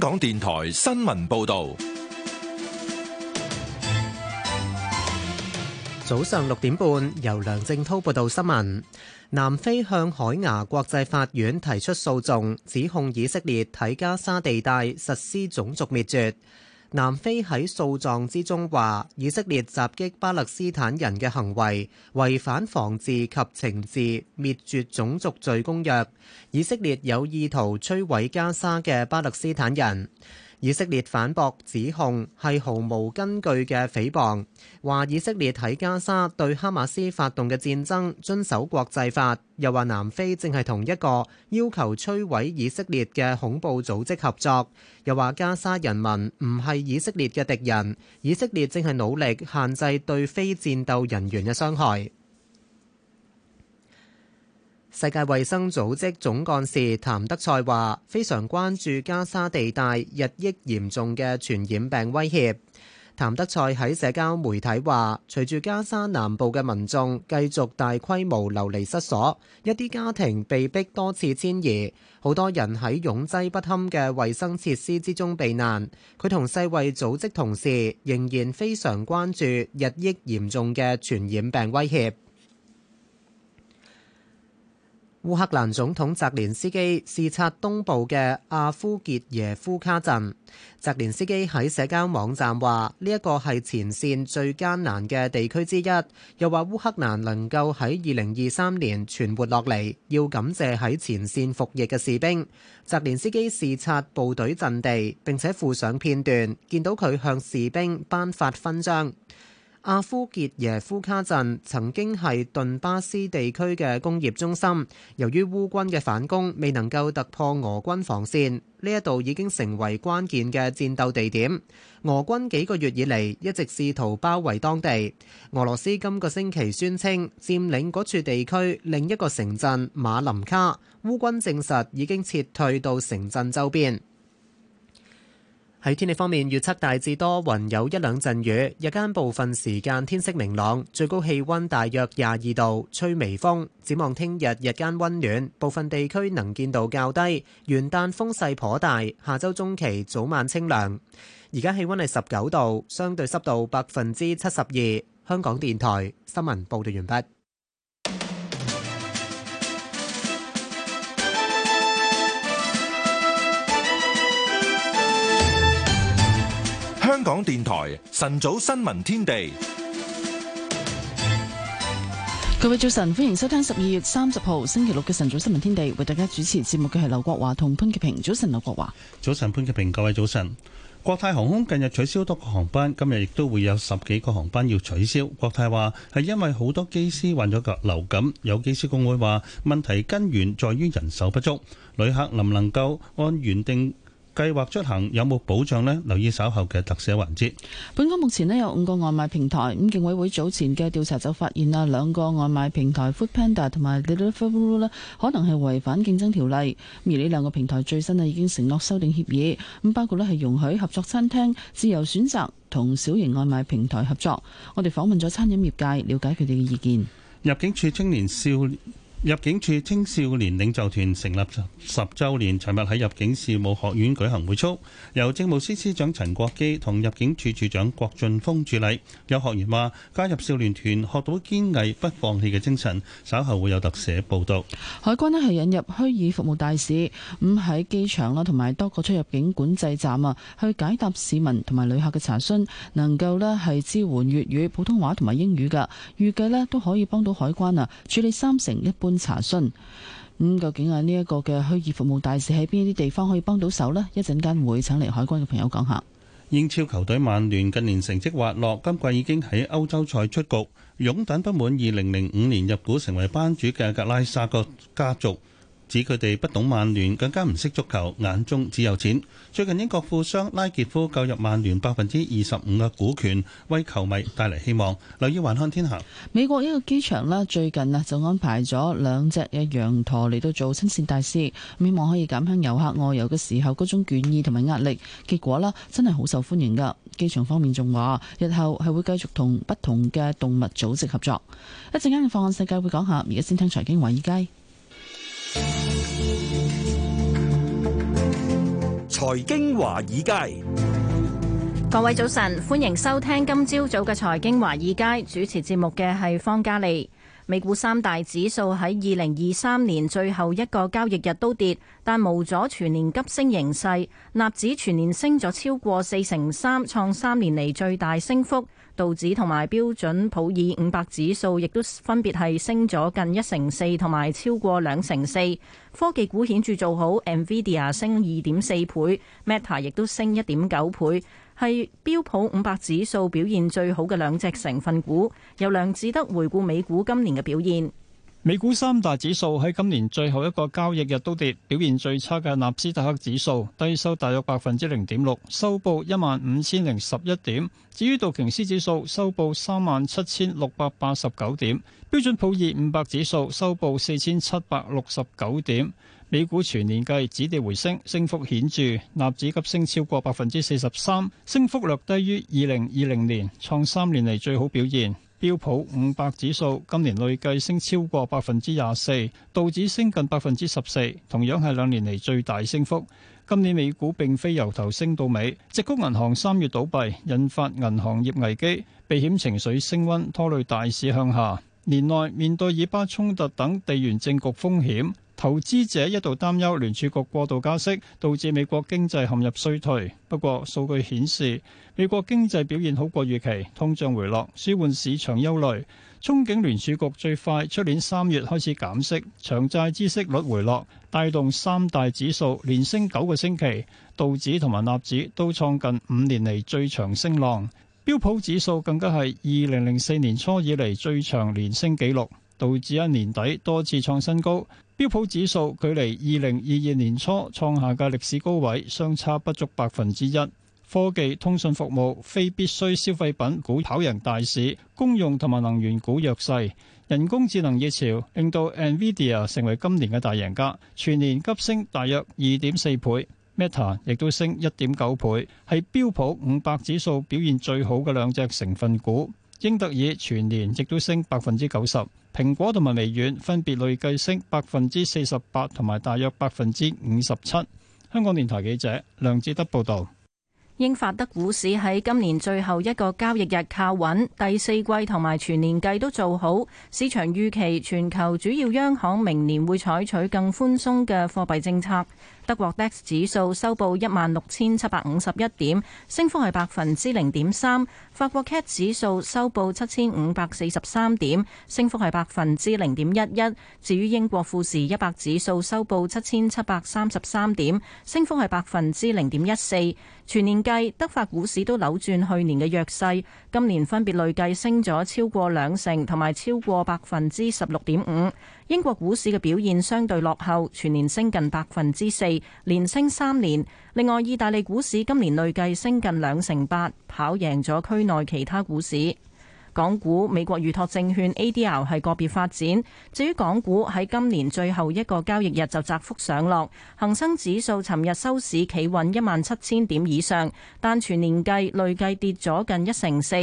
香港電台新聞報道，早上六點半由梁正濤報道新聞。南非向海牙國際法院提出訴訟，指控以色列喺加沙地帶實施種族滅絕。南非喺訴狀之中話，以色列襲擊巴勒斯坦人嘅行為違反防治及懲治滅絕種族罪公約，以色列有意圖摧毀加沙嘅巴勒斯坦人。以色列反駁指控係毫無根據嘅誹謗，話以色列喺加沙對哈馬斯發動嘅戰爭遵守國際法，又話南非正係同一個要求摧毀以色列嘅恐怖組織合作，又話加沙人民唔係以色列嘅敵人，以色列正係努力限制對非戰鬥人員嘅傷害。世界衛生組織總幹事譚德塞話：非常關注加沙地帶日益嚴重嘅傳染病威脅。譚德塞喺社交媒體話：隨住加沙南部嘅民眾繼續大規模流離失所，一啲家庭被迫多次遷移，好多人喺擁擠不堪嘅衛生設施之中避難。佢同世衛組織同事仍然非常關注日益嚴重嘅傳染病威脅。烏克蘭總統澤連斯基視察東部嘅阿夫傑耶夫卡鎮。澤連斯基喺社交網站話：呢一個係前線最艱難嘅地區之一。又話烏克蘭能夠喺二零二三年存活落嚟，要感謝喺前線服役嘅士兵。澤連斯基視察部隊陣地，並且附上片段，見到佢向士兵頒發勳章。阿夫傑耶夫卡鎮曾經係頓巴斯地區嘅工業中心，由於烏軍嘅反攻未能夠突破俄軍防線，呢一度已經成為關鍵嘅戰鬥地點，俄軍幾個月以嚟一直試圖包圍當地。俄羅斯今個星期宣稱佔領嗰處地區另一個城鎮馬林卡，烏軍證實已經撤退到城鎮周邊。喺天氣方面，預測大致多雲，有一兩陣雨，日間部分時間天色明朗，最高氣溫大約廿二度，吹微風。展望聽日日間溫暖，部分地區能見度較低。元旦風勢頗大，下週中期早晚清涼。而家氣溫係十九度，相對濕度百分之七十二。香港電台新聞報道完畢。香港電台晨早新聞天地，各位早晨，歡迎收聽十二月三十號星期六嘅晨早新聞天地，為大家主持節目嘅係劉國華同潘潔平。早晨，劉國華，早晨，潘潔平，各位早晨。國泰航空近日取消多個航班，今日亦都會有十幾個航班要取消。國泰話係因為好多機師患咗流感，有機師工會話問題根源在於人手不足，旅客能唔能夠按原定？計劃出行有冇保障呢？留意稍後嘅特寫環節。本港目前呢有五個外賣平台，咁競委會早前嘅調查就發現啊，兩個外賣平台 Foodpanda 同埋 Deliveroo 呢可能係違反競爭條例。而呢兩個平台最新啊已經承諾修訂協議，咁包括呢係容許合作餐廳自由選擇同小型外賣平台合作。我哋訪問咗餐飲業界，了解佢哋嘅意見。入境處青年少年入境處青少年領袖團成立十週年，尋日喺入境事務學院舉行會操，由政務司司長陳國基同入境處處長郭俊峰主禮。有學員話：加入少年團，學到堅毅不放棄嘅精神。稍後會有特寫報導。海關咧係引入虛擬服務大使，咁喺機場啦同埋多個出入境管制站啊，去解答市民同埋旅客嘅查詢，能夠咧係支援粵語、普通話同埋英語嘅，預計咧都可以幫到海關啊處理三成一半。查詢。咁究竟啊呢一個嘅虛擬服務大使喺邊啲地方可以幫到手呢？一陣間會請嚟海關嘅朋友講下。英超球隊曼聯近年成績滑落，今季已經喺歐洲賽出局。擁躉不滿二零零五年入股成為班主嘅格拉沙個家族。指佢哋不懂曼聯，更加唔識足球，眼中只有錢。最近英國富商拉杰夫購入曼聯百分之二十五嘅股權，為球迷帶嚟希望。留意環看天下。美國一個機場啦，最近啊就安排咗兩隻嘅羊駝嚟到做親善大使，希望可以減輕遊客外遊嘅時候嗰種倦意同埋壓力。結果啦，真係好受歡迎噶。機場方面仲話，日後係會繼續同不同嘅動物組織合作。一陣間嘅方案世界會講下，而家先聽財經華爾街。財經華爾街，各位早晨，歡迎收聽今朝早嘅財經華爾街，主持節目嘅係方嘉利。美股三大指數喺二零二三年最後一個交易日都跌，但無阻全年急升形勢，納指全年升咗超過四成三，創三年嚟，最大升幅。道指同埋標準普爾五百指數亦都分別係升咗近一成四同埋超過兩成四。科技股顯著做好，NVIDIA 升二點四倍，Meta 亦都升一點九倍，係標普五百指數表現最好嘅兩隻成分股。由梁志德回顧美股今年嘅表現。美股三大指數喺今年最後一個交易日都跌，表現最差嘅納斯達克指數低收大約百分之零點六，收報一萬五千零十一點。至於道瓊斯指數收報三萬七千六百八十九點，標準普爾五百指數收報四千七百六十九點。美股全年計止跌回升，升幅顯著，納指急升超過百分之四十三，升幅略低於二零二零年，創三年嚟最好表現。標普五百指數今年累計升超過百分之廿四，道指升近百分之十四，同樣係兩年嚟最大升幅。今年美股並非由頭升到尾，矽谷銀行三月倒閉，引發銀行業危機，避險情緒升溫，拖累大市向下。年內面對以巴衝突等地緣政局風險。投資者一度擔憂聯儲局過度加息，導致美國經濟陷入衰退。不過數據顯示，美國經濟表現好過預期，通脹回落，舒緩市場憂慮。憧憬聯儲局最快出年三月開始減息，長債孳息率回落，帶動三大指數連升九個星期，道指同埋納指都創近五年嚟最長升浪，標普指數更加係二零零四年初以嚟最長連升紀錄，道指一年底多次創新高。標普指數距離二零二二年初創下嘅歷史高位相差不足百分之一。科技、通訊服務、非必需消費品股跑贏大市，公用同埋能源股弱勢。人工智能熱潮令到 Nvidia 成為今年嘅大贏家，全年急升大約二點四倍。Meta 亦都升一點九倍，係標普五百指數表現最好嘅兩隻成分股。英特爾全年亦都升百分之九十，蘋果同埋微軟分別累計升百分之四十八同埋大約百分之五十七。香港電台記者梁志德報道，英法德股市喺今年最後一個交易日靠穩，第四季同埋全年計都做好，市場預期全球主要央行明年會採取更寬鬆嘅貨幣政策。德國 DAX 指數收報一萬六千七百五十一點，升幅係百分之零點三。法國 CAC 指數收報七千五百四十三點，升幅係百分之零點一一。至於英國富時一百指數收報七千七百三十三點，升幅係百分之零點一四。全年計，德法股市都扭轉去年嘅弱勢，今年分別累計升咗超過兩成同埋超過百分之十六點五。英國股市嘅表現相對落後，全年升近百分之四，連升三年。另外，意大利股市今年累計升近兩成八，跑贏咗區內其他股市。港股、美國預託證券 ADR 係個別發展。至於港股喺今年最後一個交易日就窄幅上落，恒生指數尋日收市企穩一萬七千點以上，但全年計累計跌咗近一成四，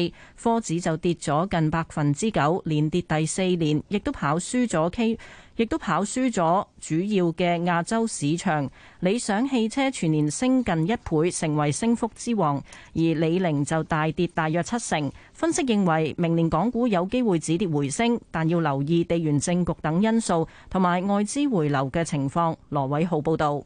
科指就跌咗近百分之九，連跌第四年，亦都跑輸咗 K。亦都跑輸咗主要嘅亞洲市場，理想汽車全年升近一倍，成為升幅之王，而李寧就大跌大約七成。分析認為，明年港股有機會止跌回升，但要留意地緣政局等因素同埋外資回流嘅情況，羅偉浩報道。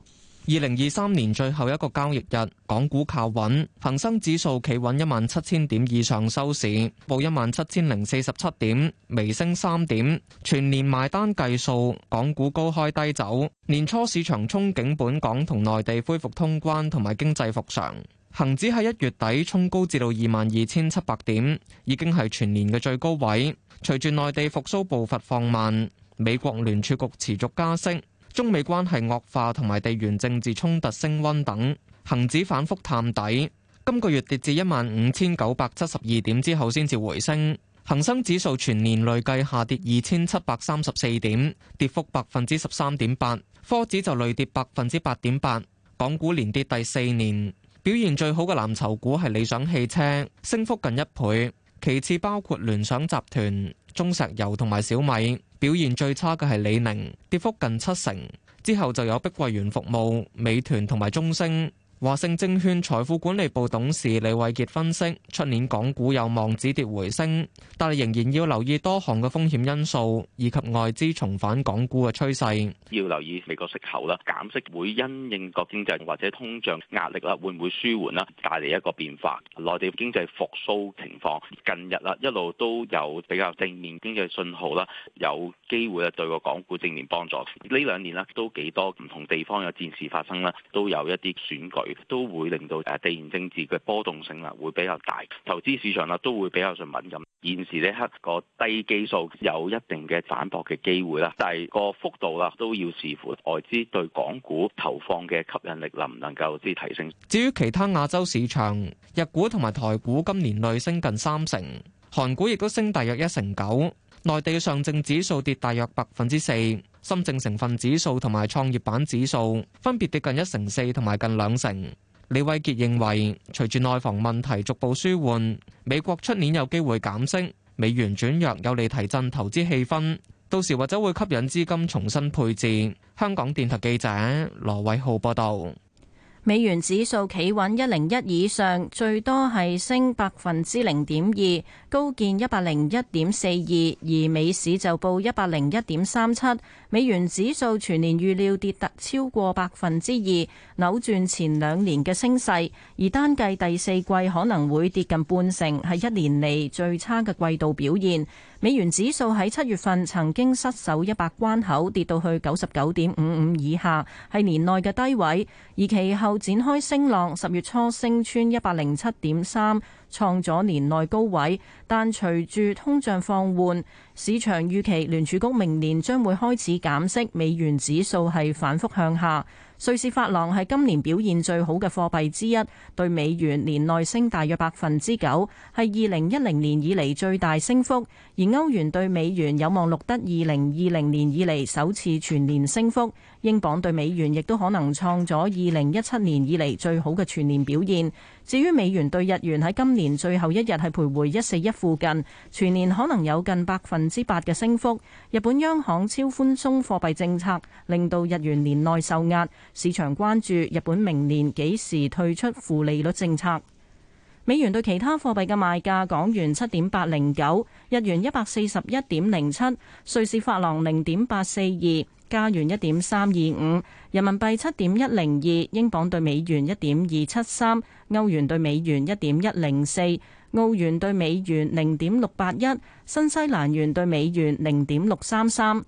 二零二三年最後一個交易日，港股靠穩，恒生指數企穩一萬七千點以上收市，報一萬七千零四十七點，微升三點。全年埋單計數，港股高開低走。年初市場憧憬本港同內地恢復通關同埋經濟復常，恒指喺一月底衝高至到二萬二千七百點，已經係全年嘅最高位。隨住內地復蘇步伐放慢，美國聯儲局持續加息。中美關係惡化同埋地緣政治衝突升溫等，恒指反覆探底，今個月跌至一萬五千九百七十二點之後先至回升。恒生指數全年累計下跌二千七百三十四點，跌幅百分之十三點八。科指就累跌百分之八點八。港股連跌第四年，表現最好嘅藍籌股係理想汽車，升幅近一倍。其次包括聯想集團、中石油同埋小米。表現最差嘅係李寧，跌幅近七成。之後就有碧桂園服務、美團同埋中升。華盛證券財富管理部董事李慧傑分析：出年港股有望止跌回升，但係仍然要留意多項嘅風險因素，以及外資重返港股嘅趨勢。要留意美國息口啦，減息會因應國經濟或者通脹壓力啦，會唔會舒緩啦，帶嚟一個變化。內地經濟復蘇情況，近日啦，一路都有比較正面經濟信號啦，有機會咧對個港股正面幫助。呢兩年咧都幾多唔同地方嘅戰事發生啦，都有一啲選舉。都會令到誒地緣政治嘅波動性啦，會比較大，投資市場啦都會比較上敏感。現時呢刻個低基數有一定嘅反博嘅機會啦，但係個幅度啦都要視乎外資對港股投放嘅吸引力能唔能夠之提升。至於其他亞洲市場，日股同埋台股今年累升近三成，韓股亦都升大約一成九。內地上證指數跌大約百分之四，深證成分指數同埋創業板指數分別跌近一成四同埋近兩成。李偉傑認為，隨住內房問題逐步舒緩，美國出年有機會減息，美元轉弱有利提振投資氣氛，到時或者會吸引資金重新配置。香港電台記者羅偉浩報道。美元指數企穩一零一以上，最多係升百分之零點二，高見一百零一點四二，而美市就報一百零一點三七。美元指數全年預料跌達超過百分之二，扭轉前兩年嘅升勢，而單計第四季可能會跌近半成，係一年嚟最差嘅季度表現。美元指數喺七月份曾經失守一百關口，跌到去九十九點五五以下，係年內嘅低位。而其後展開升浪，十月初升穿一百零七點三，創咗年內高位。但隨住通脹放緩，市場預期聯儲局明年將會開始減息，美元指數係反覆向下。瑞士法郎係今年表現最好嘅貨幣之一，對美元年內升大約百分之九，係二零一零年以嚟最大升幅。而歐元對美元有望錄得二零二零年以嚟首次全年升幅，英鎊對美元亦都可能創咗二零一七年以嚟最好嘅全年表現。至於美元對日元喺今年最後一日係徘徊一四一附近，全年可能有近百分之八嘅升幅。日本央行超寬鬆貨幣政策令到日元年內受壓，市場關注日本明年幾時退出負利率政策。美元對其他貨幣嘅賣價：港元七點八零九，日元一百四十一點零七，瑞士法郎零點八四二。加元一點三二五，25，人民幣七點一零二，英鎊對美元一點二七三，歐元對美元一點一零四，澳元對美元零點六八一，新西蘭元對美元零點六三三。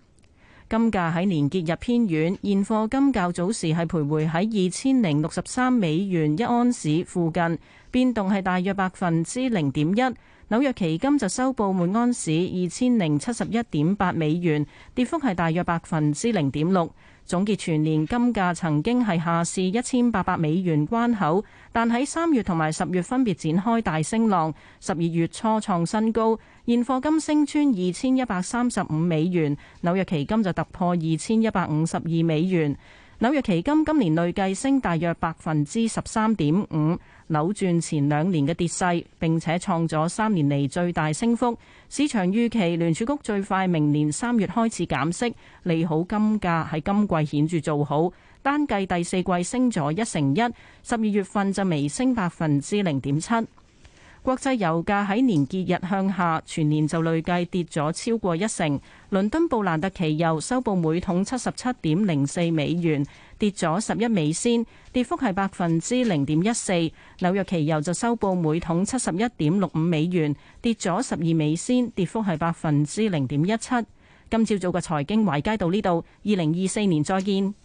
金價喺年結日偏軟，現貨金較早時係徘徊喺二千零六十三美元一盎司附近，變動係大約百分之零點一。紐約期金就收報每安士二千零七十一點八美元，跌幅係大約百分之零點六。總結全年金價曾經係下試一千八百美元關口，但喺三月同埋十月分別展開大升浪，十二月初創新高，現貨金升穿二千一百三十五美元，紐約期金就突破二千一百五十二美元。紐約期金今年累計升大約百分之十三點五，扭轉前兩年嘅跌勢，並且創咗三年嚟最大升幅。市場預期聯儲局最快明年三月開始減息，利好金價喺今季顯著做好，單計第四季升咗一成一，十二月份就微升百分之零點七。國際油價喺年結日向下，全年就累計跌咗超過一成。倫敦布蘭特期油收報每桶七十七點零四美元，跌咗十一美仙，跌幅係百分之零點一四。紐約期油就收報每桶七十一點六五美元，跌咗十二美仙，跌幅係百分之零點一七。今朝早嘅財經圍街到呢度，二零二四年再見。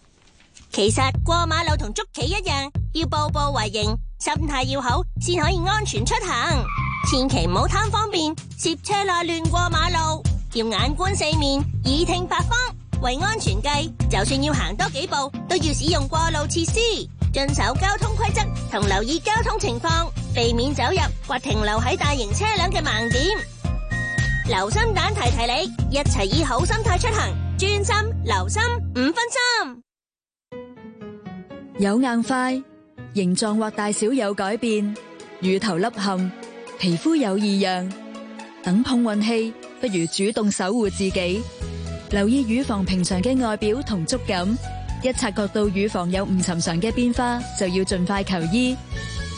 其實過馬路同捉棋一樣，要步步為營，心態要好，先可以安全出行。千祈唔好貪方便，攝車罅亂過馬路，要眼觀四面，耳聽八方。為安全計，就算要行多幾步，都要使用過路設施，遵守交通規則，同留意交通情況，避免走入或停留喺大型車輛嘅盲點。留心蛋提提你，一齊以好心態出行，專心留心，唔分心。有硬塊，形狀或大小有改變，乳頭凹陷，皮膚有異樣，等碰運氣，不如主動守護自己，留意乳房平常嘅外表同觸感。一察覺到乳房有唔尋常嘅變化，就要盡快求醫，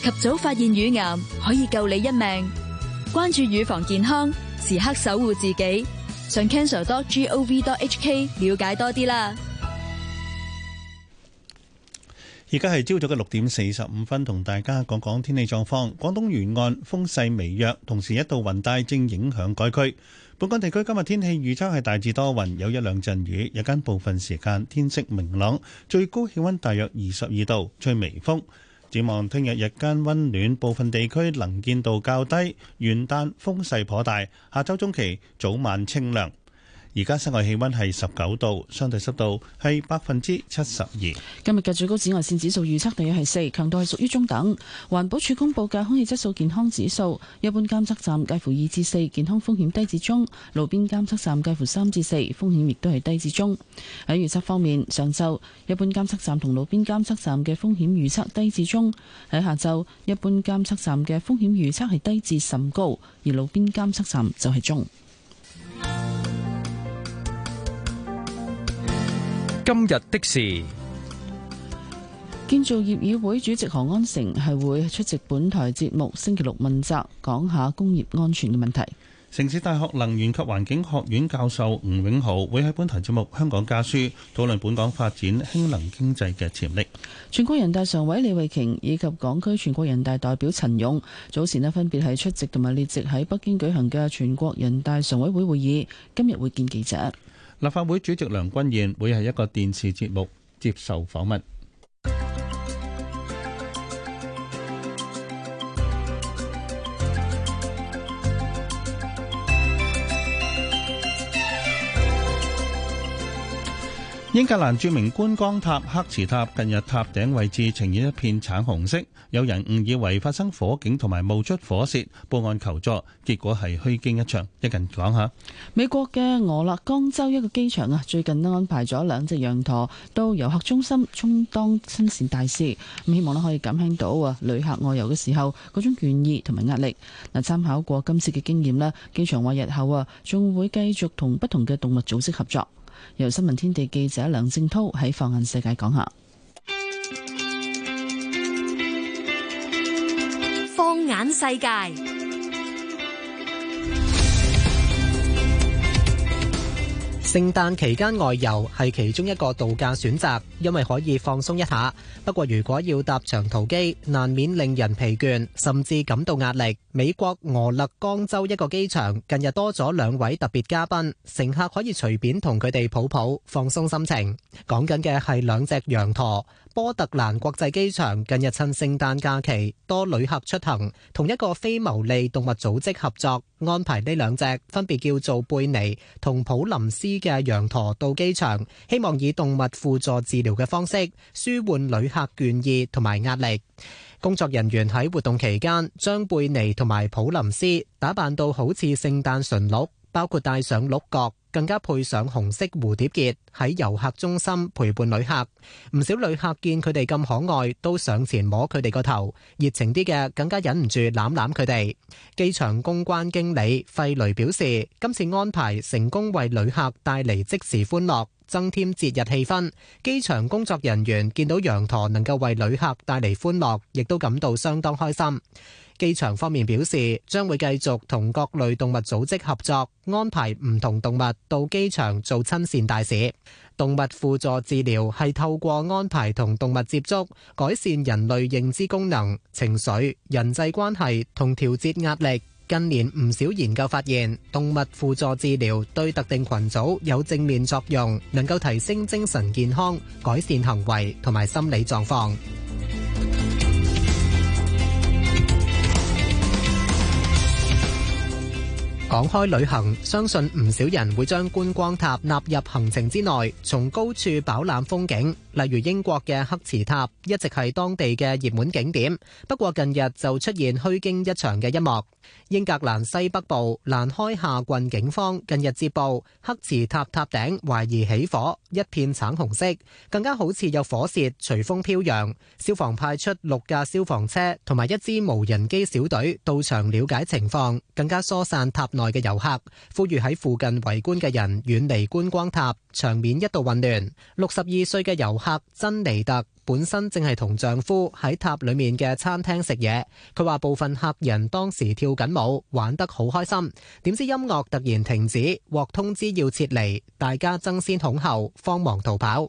及早發現乳癌，可以救你一命。關注乳房健康，時刻守護自己。上 cancer.gov.hk 了解多啲啦。而家係朝早嘅六點四十五分，同大家講講天氣狀況。廣東沿岸風勢微弱，同時一道雲帶正影響該區。本港地區今日天氣預測係大致多雲，有一兩陣雨，日間部分時間天色明朗，最高氣溫大約二十二度，吹微風。展望聽日日間溫暖，部分地區能見度較低。元旦風勢頗大，下周中期早晚清涼。而家室外氣溫係十九度，相對濕度係百分之七十二。今日嘅最高紫外線指數預測度係四，強度係屬於中等。環保署公布嘅空氣質素健康指數，一般監測站介乎二至四，健康風險低至中；路邊監測站介乎三至四，風險亦都係低至中。喺預測方面，上晝一般監測站同路邊監測站嘅風險預測低至中；喺下晝，一般監測站嘅風險預測係低至甚高，而路邊監測站就係中。 今日的事，建造業議會主席何安成係會出席本台節目星期六問責，講下工業安全嘅問題。城市大學能源及環境學院教授吳永豪會喺本台節目《香港家書》討論本港發展氫能經濟嘅潛力。全國人大常委李慧瓊以及港區全國人大代表陳勇早前呢分別係出席同埋列席喺北京舉行嘅全國人大常委會會議，今日會見記者。立法會主席梁君彥會係一個電視節目接受訪問。英格蘭著名觀光塔黑池塔近日塔頂位置呈現一片橙紅色，有人誤以為發生火警同埋冒出火舌，報案求助，結果係虛驚一場。一陣講下，美國嘅俄勒岡州一個機場啊，最近都安排咗兩隻羊駝到遊客中心充當親善大使，咁希望咧，可以減輕到啊旅客外遊嘅時候嗰種倦意同埋壓力。嗱，參考過今次嘅經驗呢，機場話日後啊仲會繼續同不同嘅動物組織合作。由新聞天地記者梁正濤喺放眼世界講下，放眼世界。聖誕期間外遊係其中一個度假選擇，因為可以放鬆一下。不過，如果要搭長途機，難免令人疲倦，甚至感到壓力。美國俄勒岡州一個機場近日多咗兩位特別嘉賓，乘客可以隨便同佢哋抱抱，放鬆心情。講緊嘅係兩隻羊駝。波特蘭國際機場近日趁聖誕假期，多旅客出行，同一個非牟利動物組織合作，安排呢兩隻，分別叫做貝尼同普林斯嘅羊駝到機場，希望以動物輔助治療嘅方式，舒緩旅客倦意同埋壓力。工作人員喺活動期間將貝尼同埋普林斯打扮到好似聖誕馴鹿，包括戴上鹿角。更加配上紅色蝴蝶結，喺遊客中心陪伴旅客，唔少旅客見佢哋咁可愛，都上前摸佢哋個頭，熱情啲嘅更加忍唔住攬攬佢哋。機場公關經理費雷表示，今次安排成功為旅客帶嚟即時歡樂，增添節日氣氛。機場工作人員見到羊駝能夠為旅客帶嚟歡樂，亦都感到相當開心。機場方面表示，將會繼續同各類動物組織合作，安排唔同動物到機場做親善大使。動物輔助治療係透過安排同動物接觸，改善人類認知功能、情緒、人際關係同調節壓力。近年唔少研究發現，動物輔助治療對特定群組有正面作用，能夠提升精神健康、改善行為同埋心理狀況。講開旅行,相信唔少人會將觀光塔納入行程之內,從高處飽覽風景,例如英國嘅黑池塔,一直係當地嘅熱門景點。不過,近日就出現虛驚一場嘅一幕。英格蘭西北部,蘭開夏郡警方,近日接報,黑池塔塔頂,懷疑起火,一片橙紅色,更加好似有火舌,隨風飄揚,消防派出六架消防車,同埋一支無人機小隊,到場了解情況,更加疏散塔內嘅遊客，呼籲喺附近圍觀嘅人遠離觀光塔，場面一度混亂。六十二歲嘅遊客珍妮特本身正係同丈夫喺塔裏面嘅餐廳食嘢，佢話部分客人當時跳緊舞，玩得好開心，點知音樂突然停止，獲通知要撤離，大家爭先恐後，慌忙逃跑。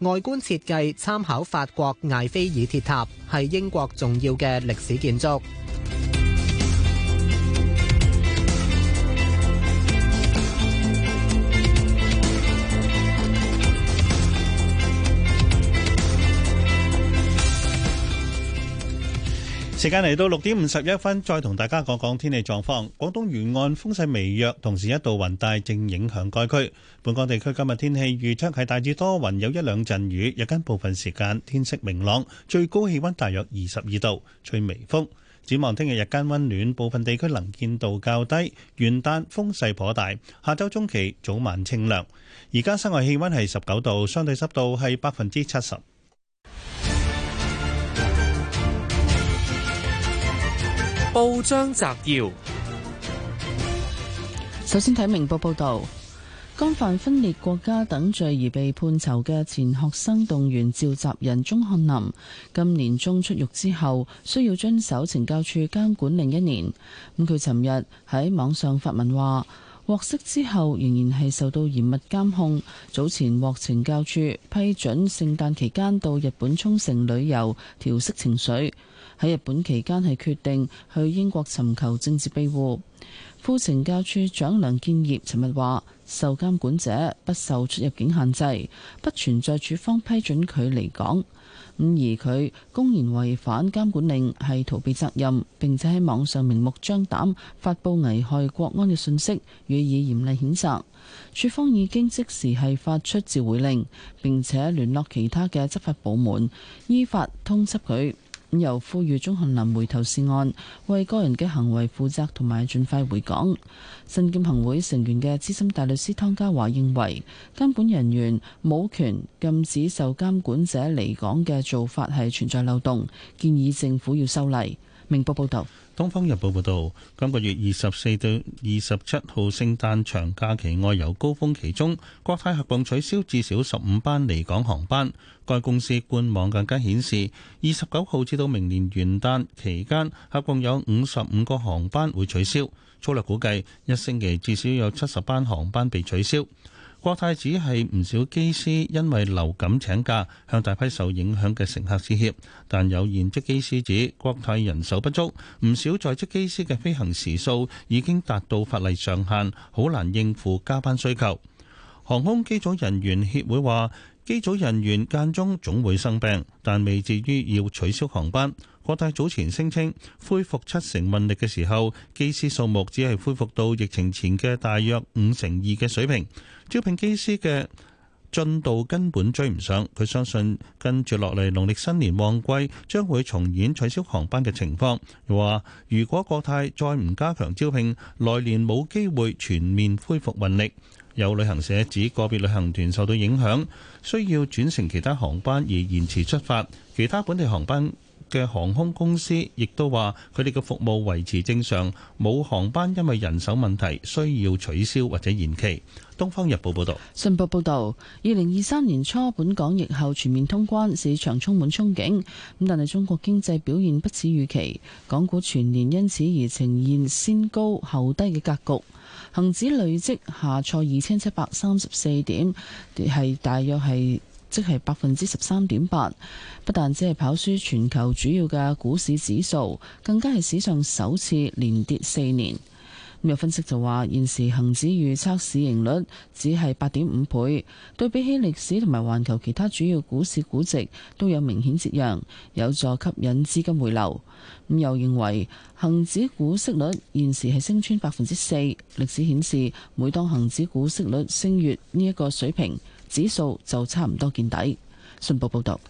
外觀設計參考法國艾菲爾鐵塔，係英國重要嘅歷史建築。時間嚟到六點五十一分，再同大家講講天氣狀況。廣東沿岸風勢微弱，同時一道雲帶正影響該區。本港地區今日天氣預測係大致多雲，有一兩陣雨，日間部分時間天色明朗，最高氣溫大約二十二度，吹微風。展望聽日日間溫暖，部分地區能見度較低，元旦風勢頗大。下周中期早晚清涼。而家室外氣溫係十九度，相對濕度係百分之七十。報章摘要。首先睇明報報道，干犯分裂國家等罪而被判囚嘅前學生動員召集人鍾漢林，今年中出獄之後，需要遵守懲教處監管另一年。咁佢尋日喺網上發文話，獲釋之後仍然係受到嚴密監控。早前獲懲教處批准聖誕期間到日本沖繩旅遊，調適情緒。喺日本期間係決定去英國尋求政治庇護。副懲教處長梁建業尋日話，受監管者不受出入境限制，不存在處方批准佢離港。而佢公然違反監管令，係逃避責任，並且喺網上明目張膽發布危害國安嘅信息，予以嚴厲譴責。處方已經即時係發出召回令，並且聯絡其他嘅執法部門依法通緝佢。又呼籲鍾翰林回頭是岸，為個人嘅行為負責同埋盡快回港。身兼行會成員嘅資深大律師湯家驊認為，監管人員冇權禁止受監管者離港嘅做法係存在漏洞，建議政府要修例。明報報道。《東方日報》報導，今個月二十四到二十七號聖誕長假期外遊高峰期間，國泰合共取消至少十五班離港航班。該公司官網更加顯示，二十九號至到明年元旦期間，合共有五十五個航班會取消。粗略估計，一星期至少有七十班航班被取消。國泰只係唔少機師因為流感請假，向大批受影響嘅乘客致歉。但有現職機師指國泰人手不足，唔少在職機師嘅飛行時數已經達到法例上限，好難應付加班需求。航空機組人員協會話，機組人員間中總會生病，但未至於要取消航班。國泰早前聲稱恢復七成運力嘅時候，機師數目只係恢復到疫情前嘅大約五成二嘅水平。招聘機師嘅進度根本追唔上，佢相信跟住落嚟農曆新年旺季將會重演取消航班嘅情況。話如果國泰再唔加強招聘，來年冇機會全面恢復運力。有旅行社指個別旅行團受到影響，需要轉乘其他航班而延遲出發，其他本地航班嘅航空公司亦都話佢哋嘅服務維持正常，冇航班因為人手問題需要取消或者延期。《東方日報》報道。信報報道，二零二三年初，本港疫後全面通關，市場充滿憧憬。咁但係中國經濟表現不似預期，港股全年因此而呈現先高後低嘅格局。恒指累積下挫二千七百三十四點，係大約係。即係百分之十三點八，不但只係跑輸全球主要嘅股市指數，更加係史上首次連跌四年。咁有分析就話，現時恒指預測市盈率只係八點五倍，對比起歷史同埋環球其他主要股市估值都有明顯折讓，有助吸引資金回流。咁又認為恒指股息率現時係升穿百分之四，歷史顯示每當恒指股息率升越呢一個水平。指數就差唔多見底。信報報道，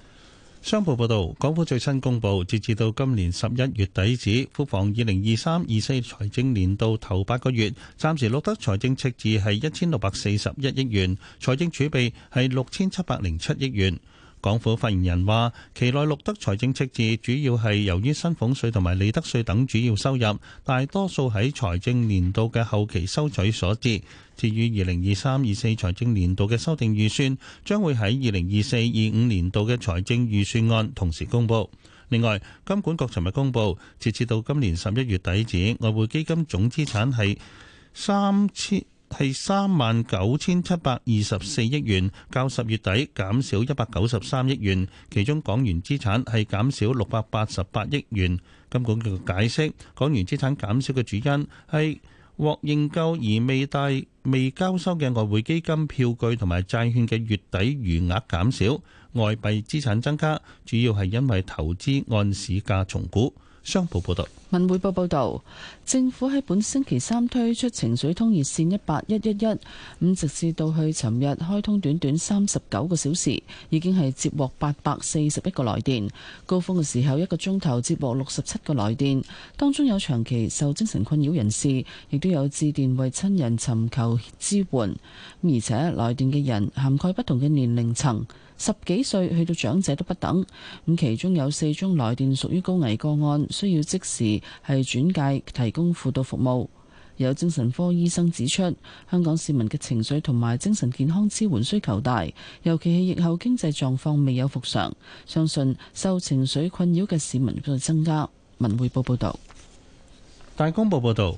商報報道，港府最新公布，截至到今年十一月底止，庫房二零二三二四財政年度頭八個月，暫時錄得財政赤字係一千六百四十一億元，財政儲備係六千七百零七億元。港府發言人話，期內錄得財政赤字，主要係由於薪俸稅同埋利得稅等主要收入，大多數喺財政年度嘅後期收取所致。至於二零二三、二四財政年度嘅修訂預算將，將會喺二零二四、二五年度嘅財政預算案同時公布。另外，金管局尋日公佈，截至到今年十一月底止，外匯基金總資產係三千。係三萬九千七百二十四億元，較十月底減少一百九十三億元。其中港元資產係減少六百八十八億元。金管局解釋，港元資產減少嘅主因係獲認購而未帶未交收嘅外匯基金票據同埋債券嘅月底餘額減少，外幣資產增加，主要係因為投資按市價重估。商報報導，文匯報報導，政府喺本星期三推出情緒通熱線一八一一一，咁直至到去尋日開通短短三十九個小時，已經係接獲八百四十一個來電，高峰嘅時候一個鐘頭接獲六十七個來電，當中有長期受精神困擾人士，亦都有致電為親人尋求支援，而且來電嘅人涵蓋不同嘅年齡層。十幾歲去到長者都不等，咁其中有四宗來電屬於高危個案，需要即時係轉介提供輔導服務。有精神科醫生指出，香港市民嘅情緒同埋精神健康支援需求大，尤其係疫後經濟狀況未有復常，相信受情緒困擾嘅市民會增加。文匯報報道，大公報報道。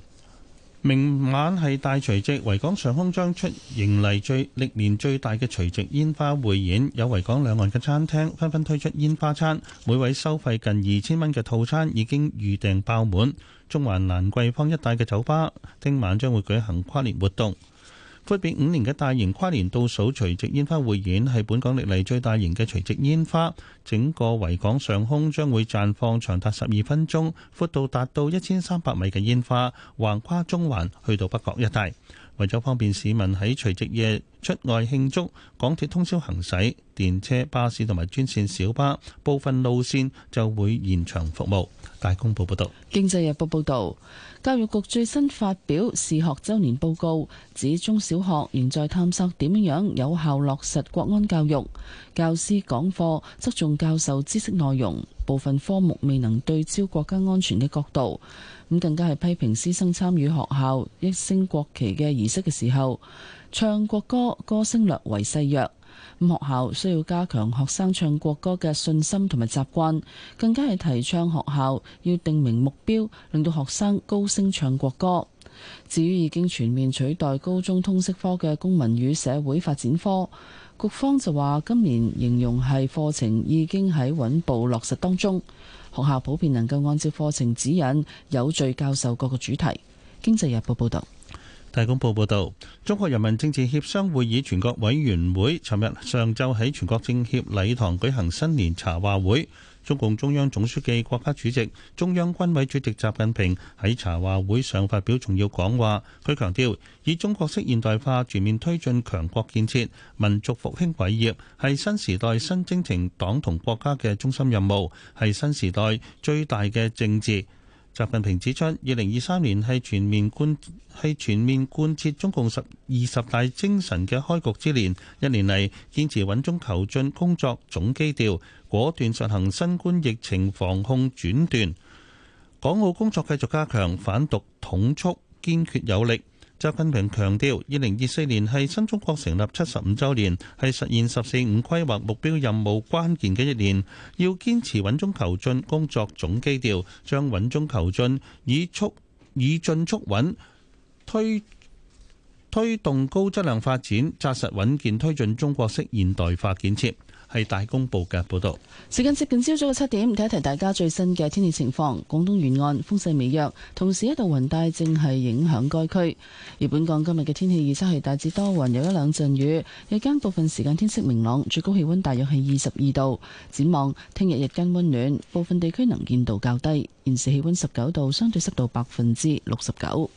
明晚係大除夕，維港上空將出迎嚟最歷年最大嘅除夕煙花匯演。有維港兩岸嘅餐廳紛紛推出煙花餐，每位收費近二千蚊嘅套餐已經預訂爆滿。中環蘭桂坊一帶嘅酒吧聽晚將會舉行跨年活動。闊別五年嘅大型跨年倒數垂直煙花匯演係本港歷嚟最大型嘅垂直煙花，整個維港上空將會綻放長達十二分鐘、闊度達到一千三百米嘅煙花，橫跨中環去到北角一帶。為咗方便市民喺除夕夜出外慶祝，港鐵通宵行駛，電車、巴士同埋專線小巴部分路線就會延長服務。大公報報道。經濟日報報道。教育局最新發表視學週年報告，指中小學仍在探索點樣有效落實國安教育。教師講課側重教授知識內容，部分科目未能對焦國家安全嘅角度。咁更加係批評師生參與學校一升國旗嘅儀式嘅時候，唱國歌歌聲略為細弱。學校需要加強學生唱國歌嘅信心同埋習慣，更加係提倡學校要定明目標，令到學生高聲唱國歌。至於已經全面取代高中通識科嘅公民與社會發展科，局方就話今年形容係課程已經喺穩步落實當中，學校普遍能夠按照課程指引有序教授各個主題。經濟日報報道。大公報報導，中國人民政治協商會議全國委員會尋日上晝喺全國政協禮堂舉行新年茶話會。中共中央總書記、國家主席、中央軍委主席習近平喺茶話會上發表重要講話，佢強調，以中國式現代化全面推進強國建設、民族復興偉業係新時代新征程黨同國家嘅中心任務，係新時代最大嘅政治。習近平指出，二零二三年係全面貫係全面貫徹中共十二十大精神嘅開局之年。一年嚟，堅持穩中求進工作總基調，果斷實行新冠疫情防控轉段，港澳工作繼續加強，反獨統促堅決有力。習近平強調，二零二四年係新中國成立七十五周年，係實現十四五規劃目標任務關鍵嘅一年，要堅持穩中求進工作總基調，將穩中求進以促以進促穩，推推動高質量發展，扎實穩健推進中國式現代化建設。係大公報嘅報道，寶寶時間接近朝早嘅七點，睇一睇大家最新嘅天氣情況。廣東沿岸風勢微弱，同時一道雲帶正係影響該區。而本港今日嘅天氣預測係大致多雲，有一兩陣雨。日間部分時間天色明朗，最高氣溫大約係二十二度。展望聽日日間溫暖，部分地區能見度較低。現時氣溫十九度，相對濕度百分之六十九。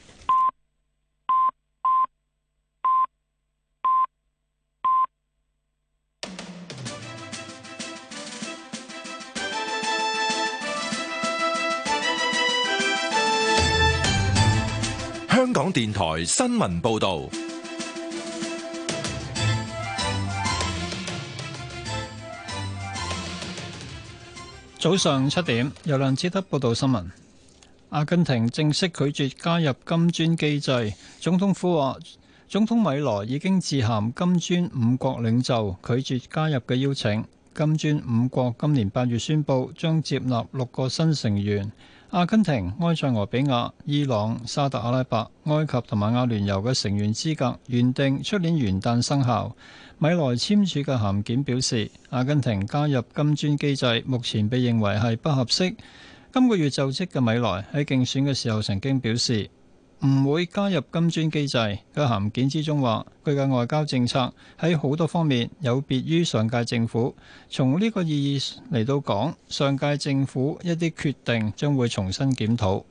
香港電台新聞報道，早上七點，由梁志德報道新聞。阿根廷正式拒絕加入金磚機制，總統府話總統米萊已經致函金磚五國領袖，拒絕加入嘅邀請。金磚五國今年八月宣布將接納六個新成員。阿根廷、埃塞俄比亞、伊朗、沙特阿拉伯、埃及同埋阿聯酋嘅成員資格原定出年元旦生效。米萊簽署嘅函件表示，阿根廷加入金磚機制目前被認為係不合適，今個月就職嘅米萊喺競選嘅時候曾經表示。唔會加入金磚機制。佢嘅函件之中話，佢嘅外交政策喺好多方面有別於上屆政府。從呢個意義嚟到講，上屆政府一啲決定將會重新檢討。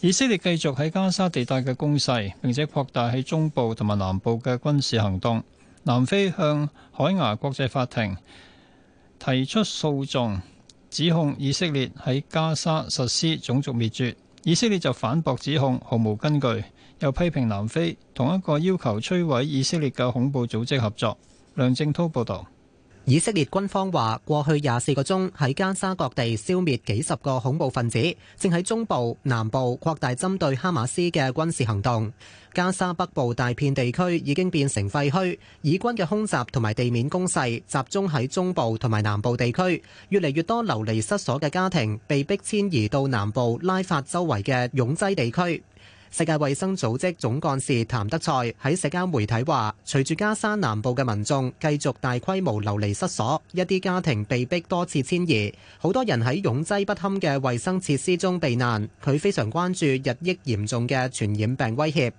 以色列繼續喺加沙地帶嘅攻勢，並且擴大喺中部同埋南部嘅軍事行動。南非向海牙國際法庭提出訴訟，指控以色列喺加沙實施種族滅絕。以色列就反駁指控毫無根據，又批評南非同一個要求摧毀以色列嘅恐怖組織合作。梁正濤報道。以色列軍方話，過去廿四個鐘喺加沙各地消滅幾十個恐怖分子，正喺中部、南部擴大針對哈馬斯嘅軍事行動。加沙北部大片地區已經變成廢墟，以軍嘅空襲同埋地面攻勢集中喺中部同埋南部地區，越嚟越多流離失所嘅家庭被迫遷移到南部拉法周圍嘅擁擠地區。世界衛生組織總幹事譚德塞喺社交媒體話：隨住加沙南部嘅民眾繼續大規模流離失所，一啲家庭被迫多次遷移，好多人喺擁擠不堪嘅衛生設施中避難。佢非常關注日益嚴重嘅傳染病威脅。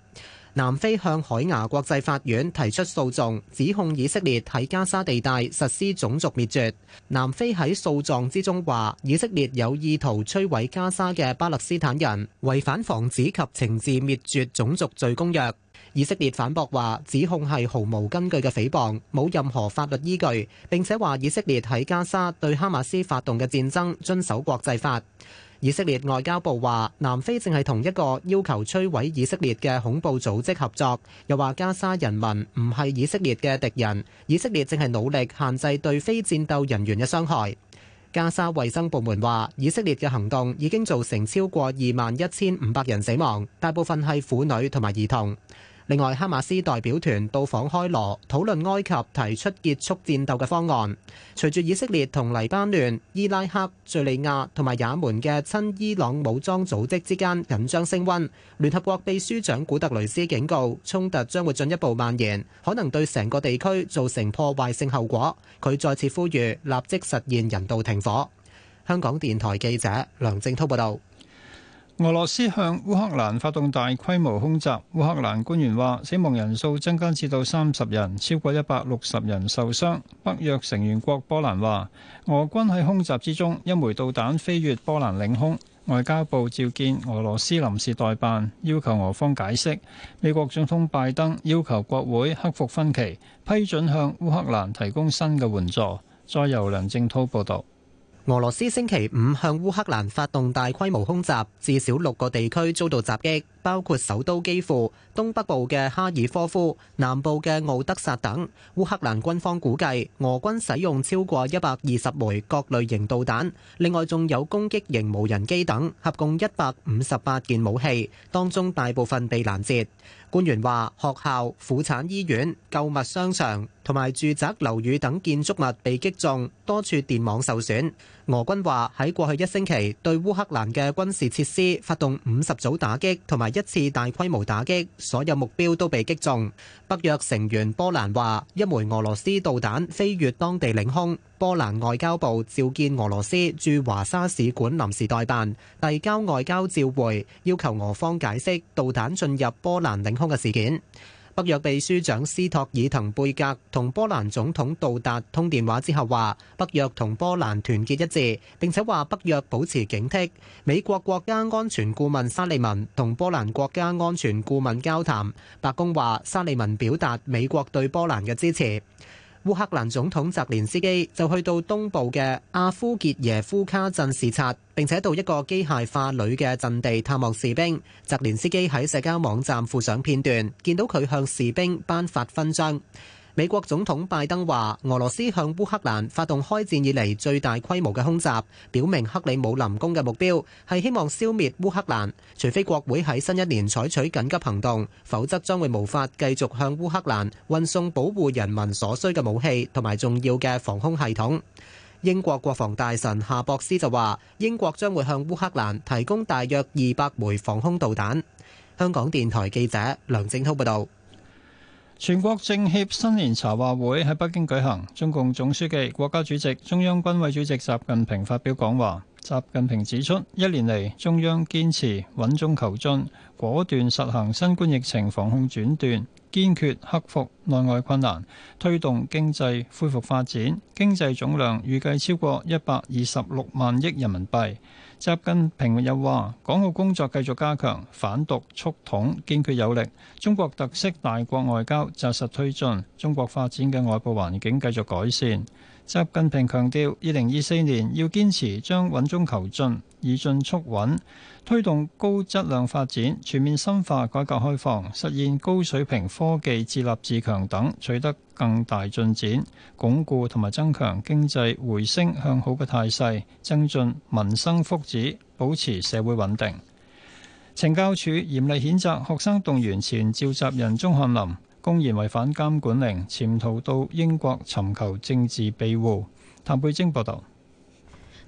南非向海牙國際法院提出訴訟，指控以色列喺加沙地帶實施種族滅絕。南非喺訴訟之中話，以色列有意圖摧毀加沙嘅巴勒斯坦人，違反防止及懲治滅絕種族罪公約。以色列反駁話，指控係毫無根據嘅誹謗，冇任何法律依據。並且話，以色列喺加沙對哈馬斯發動嘅戰爭遵守國際法。以色列外交部話，南非正係同一個要求摧毀以色列嘅恐怖組織合作，又話加沙人民唔係以色列嘅敵人，以色列正係努力限制對非戰鬥人員嘅傷害。加沙衛生部門話以色列嘅行動已經造成超過二萬一千五百人死亡，大部分係婦女同埋兒童。另外，哈馬斯代表團到訪開羅，討論埃及提出結束戰鬥嘅方案。隨住以色列同黎巴嫩、伊拉克、敘利亞同埋也門嘅親伊朗武裝組織之間緊張升溫，聯合國秘書長古特雷斯警告，衝突將會進一步蔓延，可能對成個地區造成破壞性後果。佢再次呼籲立即實現人道停火。香港電台記者梁靜韜報道。俄羅斯向烏克蘭發動大規模空襲，烏克蘭官員話死亡人數增加至到三十人，超過一百六十人受傷。北約成員國波蘭話，俄軍喺空襲之中，一枚導彈飛越波蘭領空。外交部召見俄羅斯臨時代辦，要求俄方解釋。美國總統拜登要求國會克服分歧，批准向烏克蘭提供新嘅援助。再由梁正濤報道。俄羅斯星期五向烏克蘭發動大規模空襲，至少六個地區遭到襲擊。包括首都基輔、東北部嘅哈爾科夫、南部嘅敖德薩等。烏克蘭軍方估計俄軍使用超過一百二十枚各類型導彈，另外仲有攻擊型無人機等，合共一百五十八件武器，當中大部分被攔截。官員話，學校、婦產醫院、購物商場同埋住宅樓宇等建築物被擊中，多處電網受損。俄軍話喺過去一星期對烏克蘭嘅軍事設施發動五十組打擊同埋一次大規模打擊，所有目標都被擊中。北約成員波蘭話，一枚俄羅斯導彈飛越當地領空。波蘭外交部召見俄羅斯駐華沙使館臨時代辦，遞交外交照會，要求俄方解釋導彈進入波蘭領空嘅事件。北約秘書長斯托爾滕貝格同波蘭總統杜達通電話之後話，北約同波蘭團結一致，並且話北約保持警惕。美國國家安全顧問沙利文同波蘭國家安全顧問交談。白宮話，沙利文表達美國對波蘭嘅支持。烏克蘭總統澤連斯基就去到東部嘅阿夫傑耶夫卡鎮視察，並且到一個機械化旅嘅陣地探望士兵。澤連斯基喺社交網站附上片段，見到佢向士兵頒發勳章。美國總統拜登話：俄羅斯向烏克蘭發動開戰以嚟最大規模嘅空襲，表明克里姆林宮嘅目標係希望消滅烏克蘭。除非國會喺新一年採取緊急行動，否則將會無法繼續向烏克蘭運送保護人民所需嘅武器同埋重要嘅防空系統。英國國防大臣夏博斯就話：英國將會向烏克蘭提供大約二百枚防空導彈。香港電台記者梁正濤報道。全國政協新年茶話會喺北京舉行，中共總書記、國家主席、中央軍委主席習近平發表講話。習近平指出，一年嚟，中央堅持穩中求進，果斷實行新冠疫情防控轉段，堅決克服內外困難，推動經濟恢復發展，經濟總量預計超過一百二十六萬億人民幣。習近平又話：港澳工作繼續加強，反獨促統，堅決有力，中國特色大國外交紮實推進，中國發展嘅外部環境繼續改善。習近平強調，二零二四年要堅持將穩中求進，以進促穩，推動高質量發展，全面深化改革開放，實現高水平科技自立自強等，取得更大進展，鞏固同埋增強經濟回升向好嘅態勢，增進民生福祉，保持社會穩定。懲教署嚴厲譴責學生動員前召集人鍾翰林，公然違反監管令，潛逃到英國尋求政治庇護。譚佩晶報道。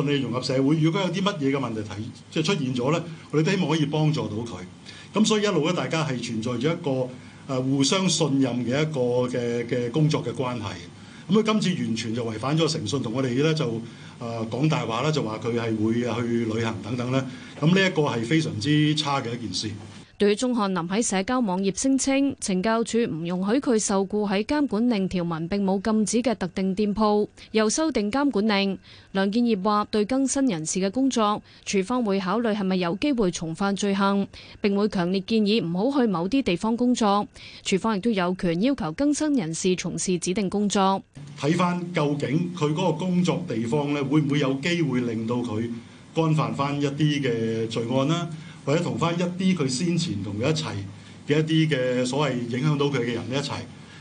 順利融合社會，如果有啲乜嘢嘅問題提即係出現咗咧，我哋都希望可以幫助到佢。咁所以一路咧，大家係存在咗一個誒、呃、互相信任嘅一個嘅嘅工作嘅關係。咁佢今次完全就違反咗誠信，同我哋咧就誒、呃、講大話啦，就話佢係會去旅行等等咧。咁呢一個係非常之差嘅一件事。對於鍾翰林喺社交網頁聲稱，懲教署唔容許佢受雇喺監管令條文並冇禁止嘅特定店鋪，又修訂監管令。梁建業話：對更新人士嘅工作，署方會考慮係咪有機會重犯罪行，並會強烈建議唔好去某啲地方工作。署方亦都有權要求更新人士從事指定工作。睇翻究竟佢嗰個工作地方咧，會唔會有機會令到佢干犯翻一啲嘅罪案呢？或者同翻一啲佢先前同佢一齊嘅一啲嘅所謂影響到佢嘅人一齊，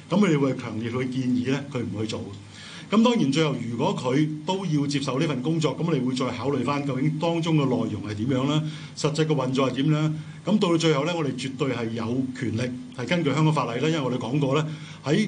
咁佢哋會強烈去建議咧，佢唔去做。咁當然最後如果佢都要接受呢份工作，咁我哋會再考慮翻究竟當中嘅內容係點樣啦，實際嘅運作係點啦。咁到到最後咧，我哋絕對係有權力，係根據香港法例咧，因為我哋講過咧喺。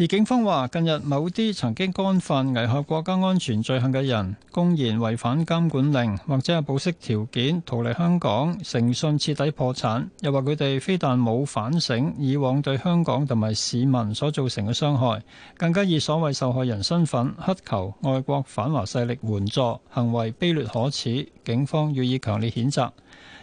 而警方話近日某啲曾經干犯危害國家安全罪行嘅人，公然違反監管令，或者有保釋條件逃離香港，誠信徹底破產，又話佢哋非但冇反省以往對香港同埋市民所造成嘅傷害，更加以所謂受害人身份乞求外國反華勢力援助，行為卑劣可恥，警方予以強烈譴責。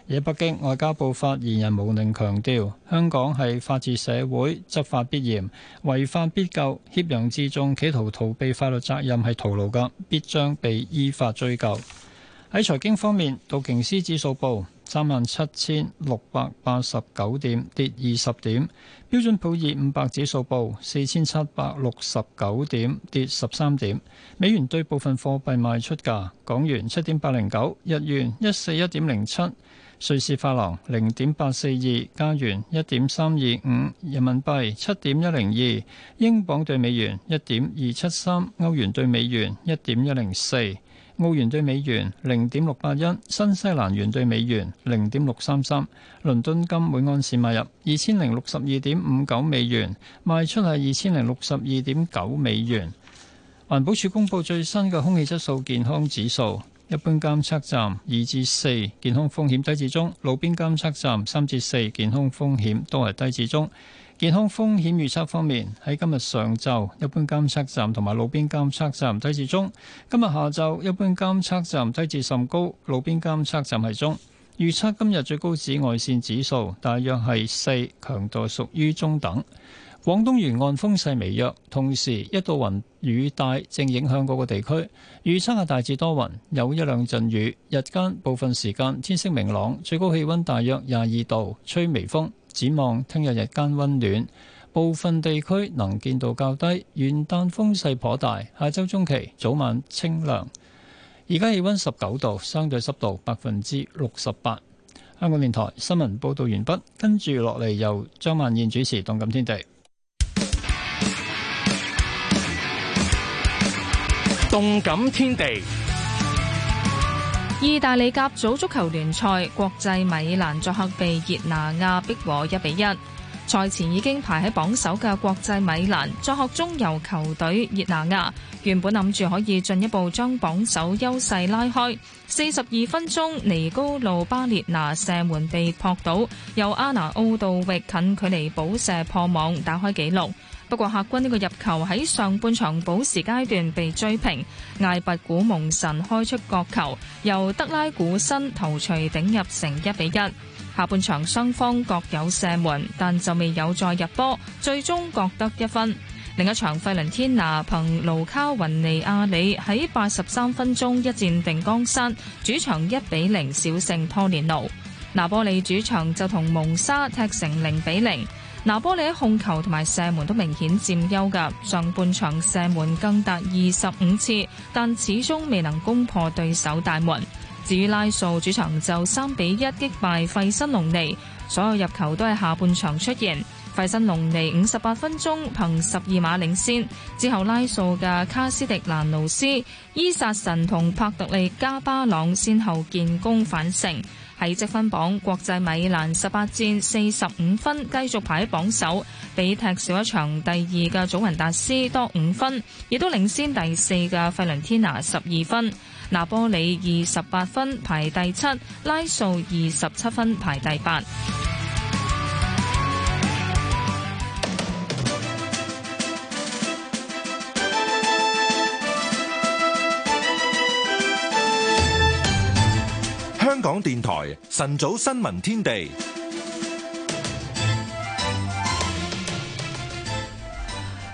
嘢，北京外交部發言人毛寧強調，香港係法治社會，執法必嚴，違法必究，挾洋自重，企圖逃避法律責任係徒勞噶，必將被依法追究。喺財經方面，道瓊斯指數報三萬七千六百八十九點，跌二十點；標準普爾五百指數報四千七百六十九點，跌十三點。美元對部分貨幣賣出價，港元七點八零九，日元一四一點零七。瑞士法郎零點八四二，加元一點三二五，人民幣，七點一零二，英鎊兌美元一點二七三，歐元兌美元一點一零四，澳元兌美元零點六八一，新西蘭元兌美元零點六三三。倫敦金每盎司賣入二千零六十二點五九美元，賣出係二千零六十二點九美元。環保署公布最新嘅空氣質素健康指數。一般監測站二至四，4, 健康風險低至中；路邊監測站三至四，4, 健康風險都係低至中。健康風險預測方面，喺今日上晝，一般監測站同埋路邊監測站低至中；今日下晝，一般監測站低至甚高，路邊監測站係中。預測今日最高紫外線指數大約係四，強度屬於中等。廣東沿岸風勢微弱，同時一道雲雨帶正影響嗰個地區，預測係大致多雲，有一兩陣雨。日間部分時間天色明朗，最高氣温大約廿二度，吹微風。展望聽日日間温暖，部分地區能見度較低。元旦風勢頗大，下周中期早晚清涼。而家氣温十九度，相對濕度百分之六十八。香港電台新聞報道完畢，跟住落嚟由張萬燕主持《動感天地》。動感天地，意大利甲組足球聯賽，國際米蘭作客被熱拿亞逼和一比一。賽前已經排喺榜首嘅國際米蘭，作客中游球隊熱拿亞，原本諗住可以進一步將榜首優勢拉開。四十二分鐘，尼高路巴列拿射門被撲倒，由阿拿奧道域近距離補射破網，打開紀錄。不過客軍呢個入球喺上半場補時階段被追平，艾拔古蒙神開出角球，由德拉古辛頭槌頂入成一比一。下半場雙方各有射門，但就未有再入波，最終各得一分。另一場費倫天拿憑盧卡雲尼亞里喺八十三分鐘一戰定江山，主場一比零小勝拖連奴。那波利主場就同蒙沙踢成零比零。拿波里控球同埋射門都明顯佔優噶，上半場射門更達二十五次，但始終未能攻破對手大門。至於拉素主場就三比一擊敗費辛龍尼，所有入球都係下半場出現。費辛龍尼五十八分鐘憑十二碼領先，之後拉素嘅卡斯迪蘭勞斯、伊薩神同帕特利加巴朗先後建功反勝。喺積分榜，國際米蘭十八戰四十五分，繼續排喺榜首，比踢少一場第二嘅祖雲達斯多五分，亦都領先第四嘅費倫天拿十二分。那波里二十八分排第七，拉素二十七分排第八。電台晨早新聞天地，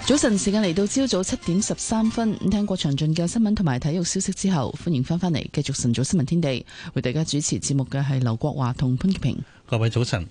早晨時間嚟到朝早七點十三分，聽過詳盡嘅新聞同埋體育消息之後，歡迎翻返嚟繼續晨早新聞天地，為大家主持節目嘅係劉國華同潘潔平，各位早晨。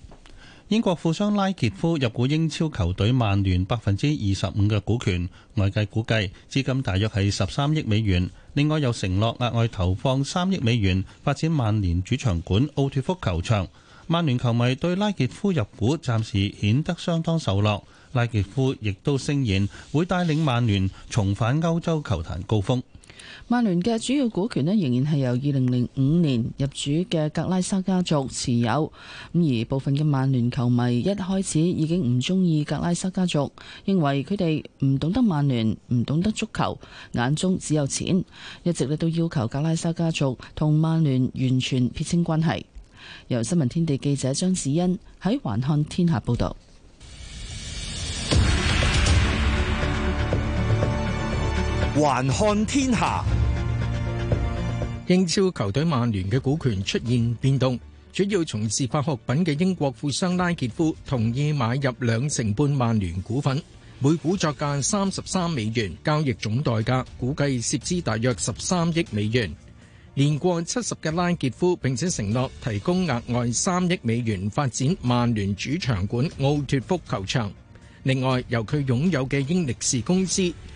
英國富商拉杰夫入股英超球隊曼聯百分之二十五嘅股權，外界估計資金大約係十三億美元。另外又承諾額外投放三億美元發展曼聯主場館奧脫福球場。曼聯球迷對拉杰夫入股暫時顯得相當受落，拉杰夫亦都聲言會帶領曼聯重返歐洲球壇高峰。曼聯嘅主要股權呢仍然係由二零零五年入主嘅格拉沙家族持有，咁而部分嘅曼聯球迷一開始已經唔中意格拉沙家族，認為佢哋唔懂得曼聯，唔懂得足球，眼中只有錢，一直呢都要求格拉沙家族同曼聯完全撇清關係。由新聞天地記者張子欣喺《環看天下》報道。還看天下，英超球隊曼聯嘅股權出現變動，主要從事化學品嘅英國富商拉杰夫同意買入兩成半曼聯股份，每股作價三十三美元，交易總代價估計涉資大約十三億美元。年過七十嘅拉杰夫，並且承諾提供額外三億美元發展曼聯主場館奧脫福球場。另外，由佢擁有嘅英力士公司，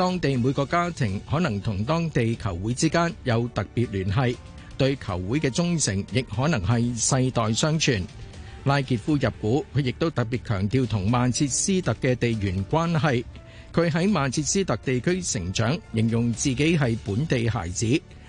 當地每個家庭可能同當地球會之間有特別聯繫，對球會嘅忠誠亦可能係世代相傳。拉傑夫入股，佢亦都特別強調同曼徹斯特嘅地緣關係。佢喺曼徹斯特地區成長，形容自己係本地孩子，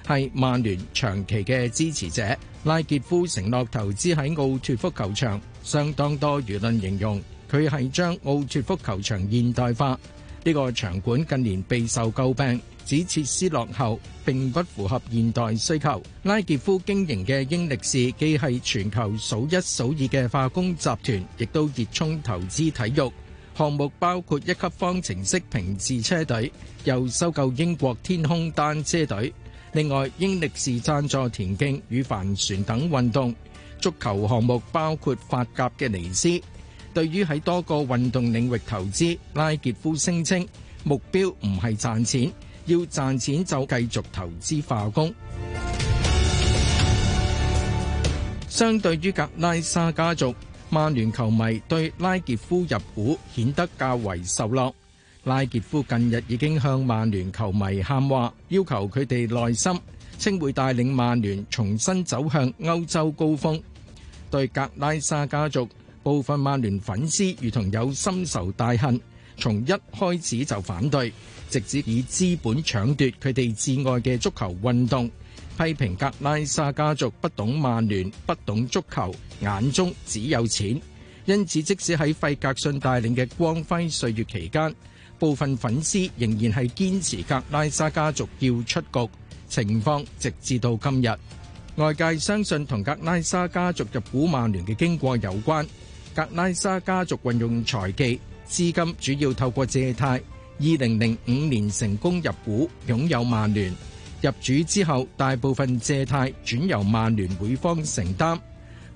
係曼聯長期嘅支持者。拉傑夫承諾投資喺奧脫福球場，相當多輿論形容佢係將奧脫福球場現代化。呢個場館近年備受詬病，指設施落後，並不符合現代需求。拉傑夫經營嘅英力士既係全球數一數二嘅化工集團，亦都熱衷投資體育項目，包括一級方程式平治車隊，又收購英國天空單車隊。另外，英力士贊助田徑與帆船等運動，足球項目包括法甲嘅尼斯。對於喺多個運動領域投資，拉傑夫聲稱目標唔係賺錢，要賺錢就繼續投資化工。相對於格拉沙家族，曼聯球迷對拉傑夫入股顯得較為受落。拉傑夫近日已經向曼聯球迷喊話，要求佢哋耐心，稱會帶領曼聯重新走向歐洲高峰。對格拉沙家族，部分曼聯粉絲如同有深仇大恨，從一開始就反對，直接以資本搶奪佢哋至愛嘅足球運動，批評格拉沙家族不懂曼聯，不懂足球，眼中只有錢。因此，即使喺費格遜帶領嘅光輝歲月期間，部分粉絲仍然係堅持格拉沙家族要出局。情況直至到今日，外界相信同格拉沙家族入股曼聯嘅經過有關。格拉沙家族運用財技資金，主要透過借貸。二零零五年成功入股，擁有曼聯。入主之後，大部分借貸轉由曼聯會方承擔。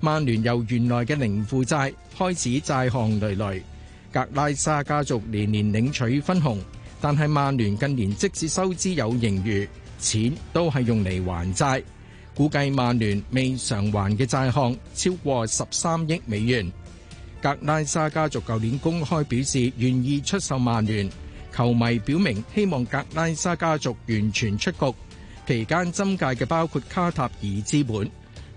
曼聯由原來嘅零負債開始，債項累累。格拉沙家族年年領取分紅，但係曼聯近年即使收支有盈餘，錢都係用嚟還債。估計曼聯未償還嘅債項超過十三億美元。格拉沙家族舊年公開表示願意出售曼聯，球迷表明希望格拉沙家族完全出局。期間增介嘅包括卡塔爾資本，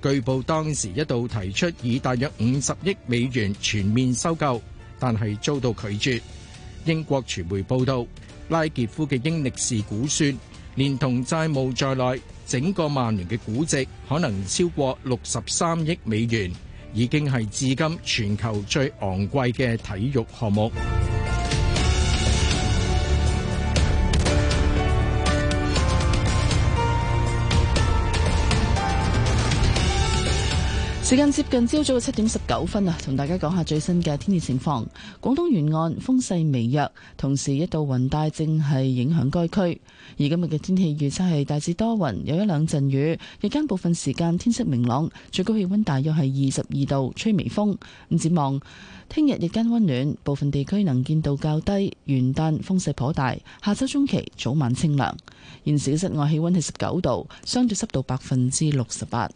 據報當時一度提出以大約五十億美元全面收購，但係遭到拒絕。英國傳媒報道，拉杰夫嘅英力士估算，連同債務在內，整個曼聯嘅估值可能超過六十三億美元。已經係至今全球最昂貴嘅體育項目。時間接近朝早嘅七點十九分啊，同大家講下最新嘅天氣情況。廣東沿岸風勢微弱，同時一道雲帶正係影響該區。而今日嘅天氣預測係大致多雲，有一兩陣雨。日間部分時間天色明朗，最高氣温大約係二十二度，吹微風。咁展望，聽日日間溫暖，部分地區能見度較低。元旦風勢頗大，下周中期早晚清涼。現時室外氣溫係十九度，相對濕度百分之六十八。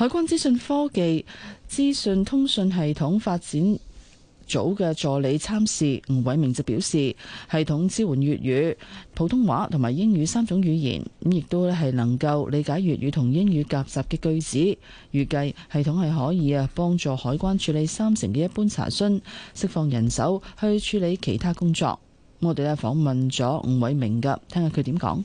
海關資訊科技資訊通訊系統發展組嘅助理參事吳偉明就表示，系統支援粵語、普通話同埋英語三種語言，咁亦都咧係能夠理解粵語同英語夾雜嘅句子。預計系統係可以啊，幫助海關處理三成嘅一般查詢，釋放人手去處理其他工作。我哋咧訪問咗吳偉明㗎，聽下佢點講。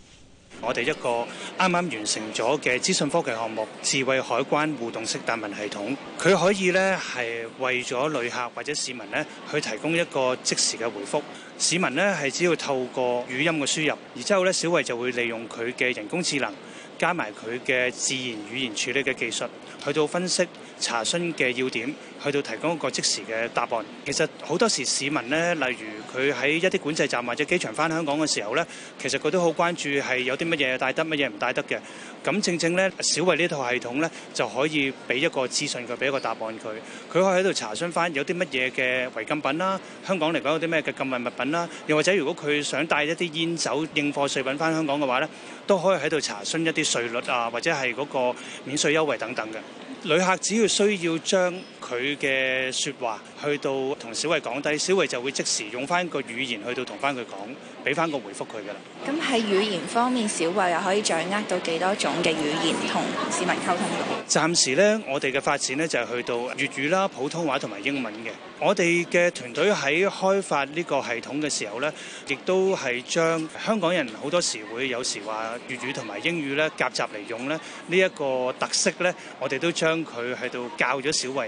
我哋一個啱啱完成咗嘅資訊科技項目——智慧海關互動式答問系統，佢可以呢係為咗旅客或者市民呢去提供一個即時嘅回覆。市民呢係只要透過語音嘅輸入，而之後呢，小慧就會利用佢嘅人工智能加埋佢嘅自然語言處理嘅技術去到分析。查詢嘅要點，去到提供一個即時嘅答案。其實好多時市民呢，例如佢喺一啲管制站或者機場返香港嘅時候呢，其實佢都好關注係有啲乜嘢帶得，乜嘢唔帶得嘅。咁正正呢，小慧呢套系統呢，就可以俾一個資訊佢，俾一個答案佢。佢可以喺度查詢翻有啲乜嘢嘅違禁品啦，香港嚟講有啲咩嘅禁運物品啦。又或者如果佢想帶一啲煙酒應課稅品返香港嘅話呢，都可以喺度查詢一啲稅率啊，或者係嗰個免稅優惠等等嘅。旅客只要需要將。佢嘅説話去到同小慧講低，小慧就會即時用翻個語言去到同翻佢講，俾翻個回覆佢㗎啦。咁喺語言方面，小慧又可以掌握到幾多種嘅語言同市民溝通到？暫時呢，我哋嘅發展呢，就係去到粵語啦、普通話同埋英文嘅。我哋嘅團隊喺開發呢個系統嘅時候呢，亦都係將香港人好多時會有時話粵語同埋英語呢夾雜嚟用呢，呢一個特色呢，我哋都將佢喺度教咗小慧。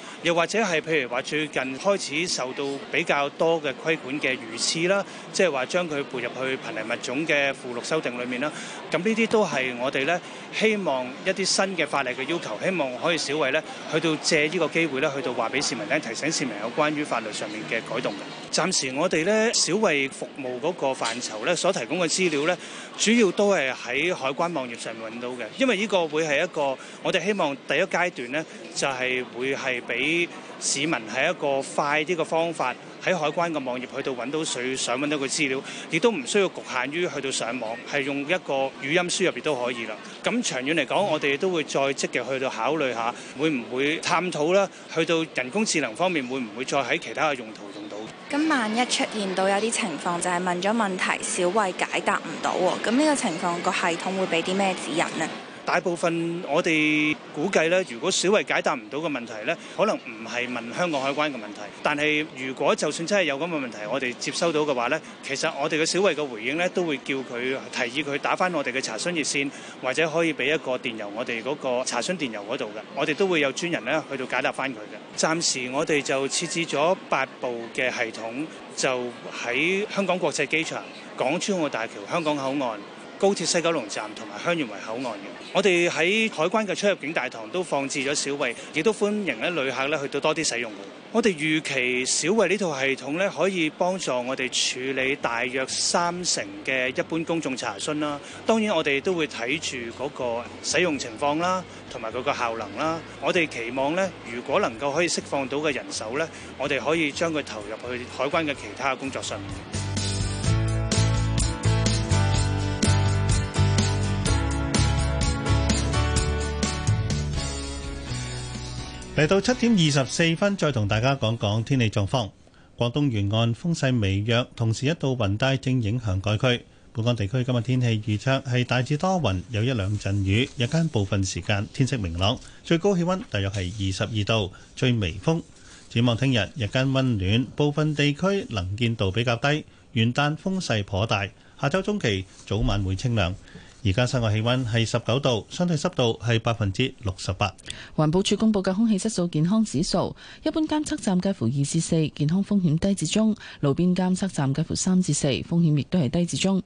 又或者係譬如話最近開始受到比較多嘅規管嘅魚翅啦，即係話將佢撥入去瀕危物種嘅附錄修訂裏面啦，咁呢啲都係我哋呢希望一啲新嘅法例嘅要求，希望可以小維呢去到借呢個機會呢去到話俾市民聽，提醒市民有關於法律上面嘅改動嘅。暫時我哋呢，小維服務嗰個範疇呢所提供嘅資料呢。主要都係喺海關網頁上面揾到嘅，因為呢個會係一個我哋希望第一階段咧，就係會係俾市民係一個快啲嘅方法，喺海關嘅網頁去到揾到想想揾到個資料，亦都唔需要侷限於去到上網，係用一個語音輸入亦都可以啦。咁長遠嚟講，我哋都會再積極去到考慮下，會唔會探討咧？去到人工智能方面，會唔會再喺其他嘅用途？咁萬一出現到有啲情況，就係、是、問咗問題，小慧解答唔到喎，咁呢個情況個系統會俾啲咩指引呢？大部分我哋估計咧，如果小慧解答唔到個問題咧，可能唔係問香港海關嘅問題。但係，如果就算真係有咁嘅問題，我哋接收到嘅話咧，其實我哋嘅小慧嘅回應咧，都會叫佢提議佢打翻我哋嘅查詢熱線，或者可以俾一個電郵我哋嗰個查詢電郵嗰度嘅。我哋都會有專人咧去到解答翻佢嘅。暫時我哋就設置咗八部嘅系統，就喺香港國際機場、港珠澳大橋、香港口岸、高鐵西九龍站同埋香園圍口岸嘅。我哋喺海關嘅出入境大堂都放置咗小慧，亦都歡迎咧旅客咧去到多啲使用。我哋預期小慧呢套系統咧，可以幫助我哋處理大約三成嘅一般公眾查詢啦。當然，我哋都會睇住嗰個使用情況啦，同埋嗰個效能啦。我哋期望咧，如果能夠可以釋放到嘅人手咧，我哋可以將佢投入去海關嘅其他嘅工作上面。嚟到七點二十四分，再同大家講講天氣狀況。廣東沿岸風勢微弱，同時一度雲帶正影響該區。本港地區今日天氣預測係大致多雲，有一兩陣雨，日間部分時間天色明朗，最高氣温大約係二十二度，吹微風。展望聽日，日間温暖，部分地區能見度比較低，元旦風勢頗大。下周中期早晚會清涼。而家室外氣溫係十九度，相對濕度係百分之六十八。環保署公布嘅空氣質素健康指數，一般監測站介乎二至四，健康風險低至中；路邊監測站介乎三至四，風險亦都係低至中。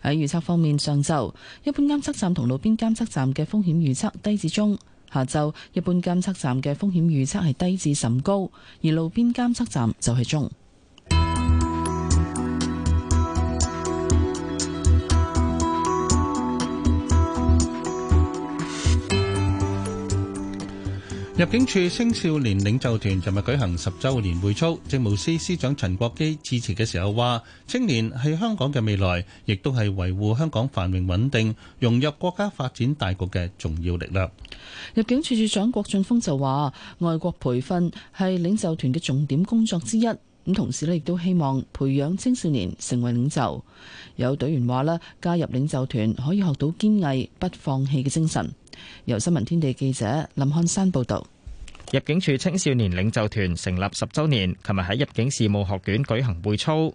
喺預測方面，上晝一般監測站同路邊監測站嘅風險預測低至中；下晝一般監測站嘅風險預測係低至甚高，而路邊監測站就係中。入境處青少年領袖團尋日舉行十周年會操，政務司司長陳國基致辭嘅時候話：青年係香港嘅未來，亦都係維護香港繁榮穩定、融入國家發展大局嘅重要力量。入境處處長郭俊峰就話：外國培訓係領袖團嘅重點工作之一，咁同時呢亦都希望培養青少年成為領袖。有隊員話呢：加入領袖團可以學到堅毅、不放棄嘅精神。由新聞天地記者林漢山報道，入境處青少年領袖團成立十周年，琴日喺入境事務學院舉行會操。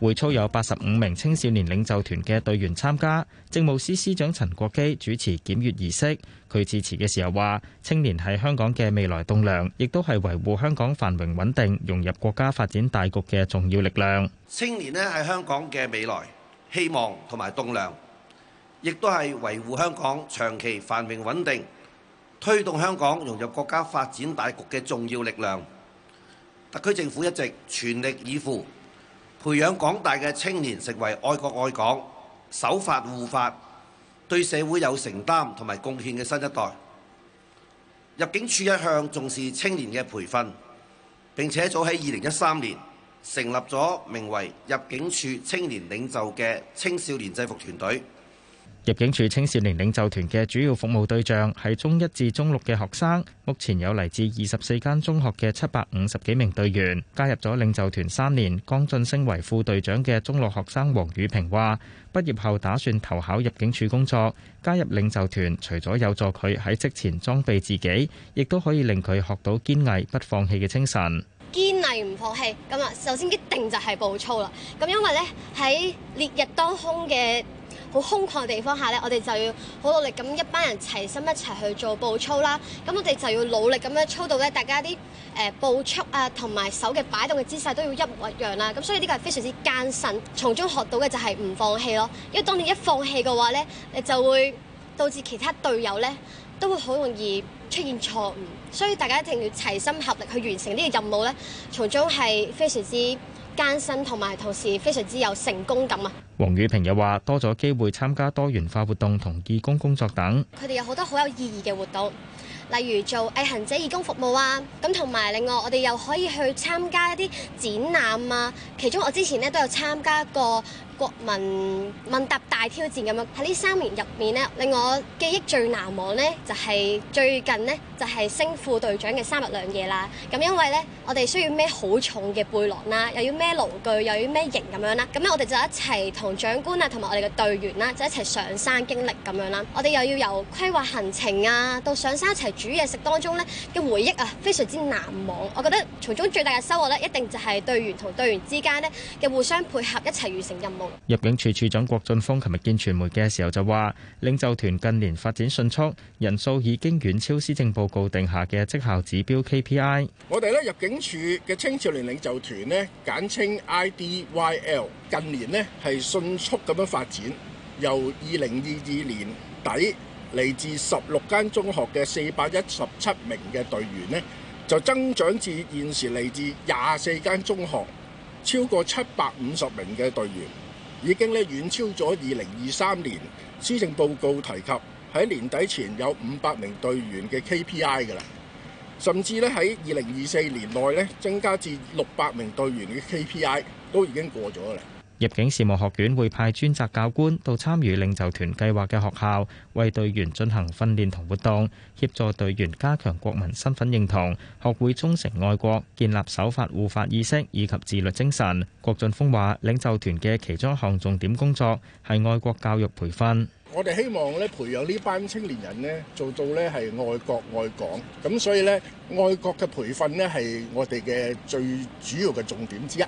會操有八十五名青少年領袖團嘅隊員參加。政務司司長陳國基主持檢閱儀式。佢致辭嘅時候話，青年係香港嘅未來棟樑，亦都係維護香港繁榮穩定、融入國家發展大局嘅重要力量。青年呢係香港嘅未來。希望同埋棟梁，亦都係維護香港長期繁榮穩定、推動香港融入國家發展大局嘅重要力量。特區政府一直全力以赴，培養廣大嘅青年成為愛國愛港、守法護法、對社會有承擔同埋貢獻嘅新一代。入境處一向重視青年嘅培訓，並且早喺二零一三年。成立咗名為入境處青年領袖嘅青少年制服團隊。入境處青少年領袖團嘅主要服務對象係中一至中六嘅學生。目前有嚟自二十四間中學嘅七百五十幾名隊員。加入咗領袖團三年，剛晉升為副隊長嘅中六學生黃宇平話，畢業後打算投考入境處工作。加入領袖團，除咗有助佢喺職前裝備自己，亦都可以令佢學到堅毅不放棄嘅精神。堅毅唔放棄咁啊！首先一定就係步操啦。咁因為咧喺烈日當空嘅好空曠嘅地方下咧，我哋就要好努力咁一班人齊心一齊去做步操啦。咁我哋就要努力咁樣操到咧，大家啲誒、呃、步速啊同埋手嘅擺動嘅姿勢都要一模一樣啦。咁所以呢個係非常之艱辛，從中學到嘅就係唔放棄咯。因為當你一放棄嘅話咧，你就會導致其他隊友咧都會好容易，出現錯誤，所以大家一定要齊心合力去完成呢個任務咧，從中係非常之艱辛，同埋同時非常之有成功感啊。黃雨平又話：多咗機會參加多元化活動同義工工作等，佢哋有好多好有意義嘅活動，例如做毅行者義工服務啊。咁同埋另外，我哋又可以去參加一啲展覽啊。其中我之前呢都有參加過。國民問答大挑戰咁樣喺呢三年入面咧，令我記憶最難忘咧就係最近呢，就係升副隊長嘅三日兩夜啦。咁因為咧我哋需要孭好重嘅背囊啦，又要孭勞具，又要孭型咁樣啦。咁咧我哋就一齊同長官啊，同埋我哋嘅隊員啦，就一齊上山經歷咁樣啦。我哋又要由規劃行程啊，到上山一齊煮嘢食當中咧嘅回憶啊，非常之難忘。我覺得從中最大嘅收穫咧，一定就係隊員同隊員之間咧嘅互相配合一齊完成任務。入境處處長郭俊峰琴日見傳媒嘅時候就話，領袖團近年發展迅速，人數已經遠超施政報告定下嘅績效指標 KPI。我哋咧入境處嘅青少年領袖團咧，簡稱 IDYL，近年咧係迅速咁樣發展，由二零二二年底嚟自十六間中學嘅四百一十七名嘅隊員咧，就增長至現時嚟自廿四間中學，超過七百五十名嘅隊員。已經咧遠超咗二零二三年施政報告提及喺年底前有五百名隊員嘅 KPI 㗎喇，甚至咧喺二零二四年內咧增加至六百名隊員嘅 KPI 都已經過咗啦。入境事務學院會派專責教官到參與領袖團計劃嘅學校，為隊員進行訓練同活動，協助隊員加強國民身份認同，學會忠誠愛國，建立守法護法意識以及自律精神。郭俊峰話，領袖團嘅其中一項重點工作係愛國教育培訓。我哋希望咧培養呢班青年人咧做到咧係愛國愛港，咁所以咧愛國嘅培訓咧係我哋嘅最主要嘅重點之一。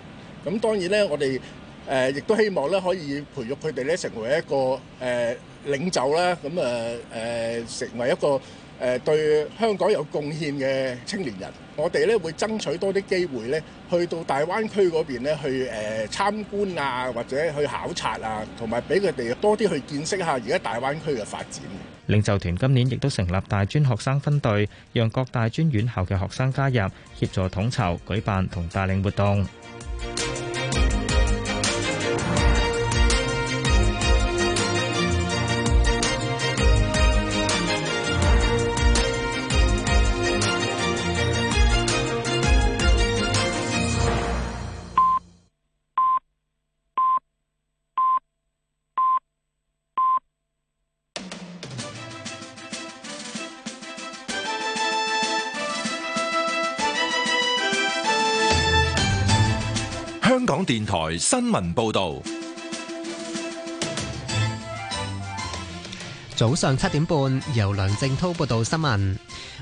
咁當然咧，我哋誒，亦都希望咧，可以培育佢哋咧，成為一個誒領袖咧，咁誒誒，成為一個誒對香港有貢獻嘅青年人。我哋咧會爭取多啲機會咧，去到大灣區嗰邊咧，去誒參觀啊，或者去考察啊，同埋俾佢哋多啲去見識下而家大灣區嘅發展。領袖團今年亦都成立大專學生分隊，讓各大專院校嘅學生加入，協助統籌舉辦同帶領活動。新聞報道。早上七點半，由梁正濤報道新聞。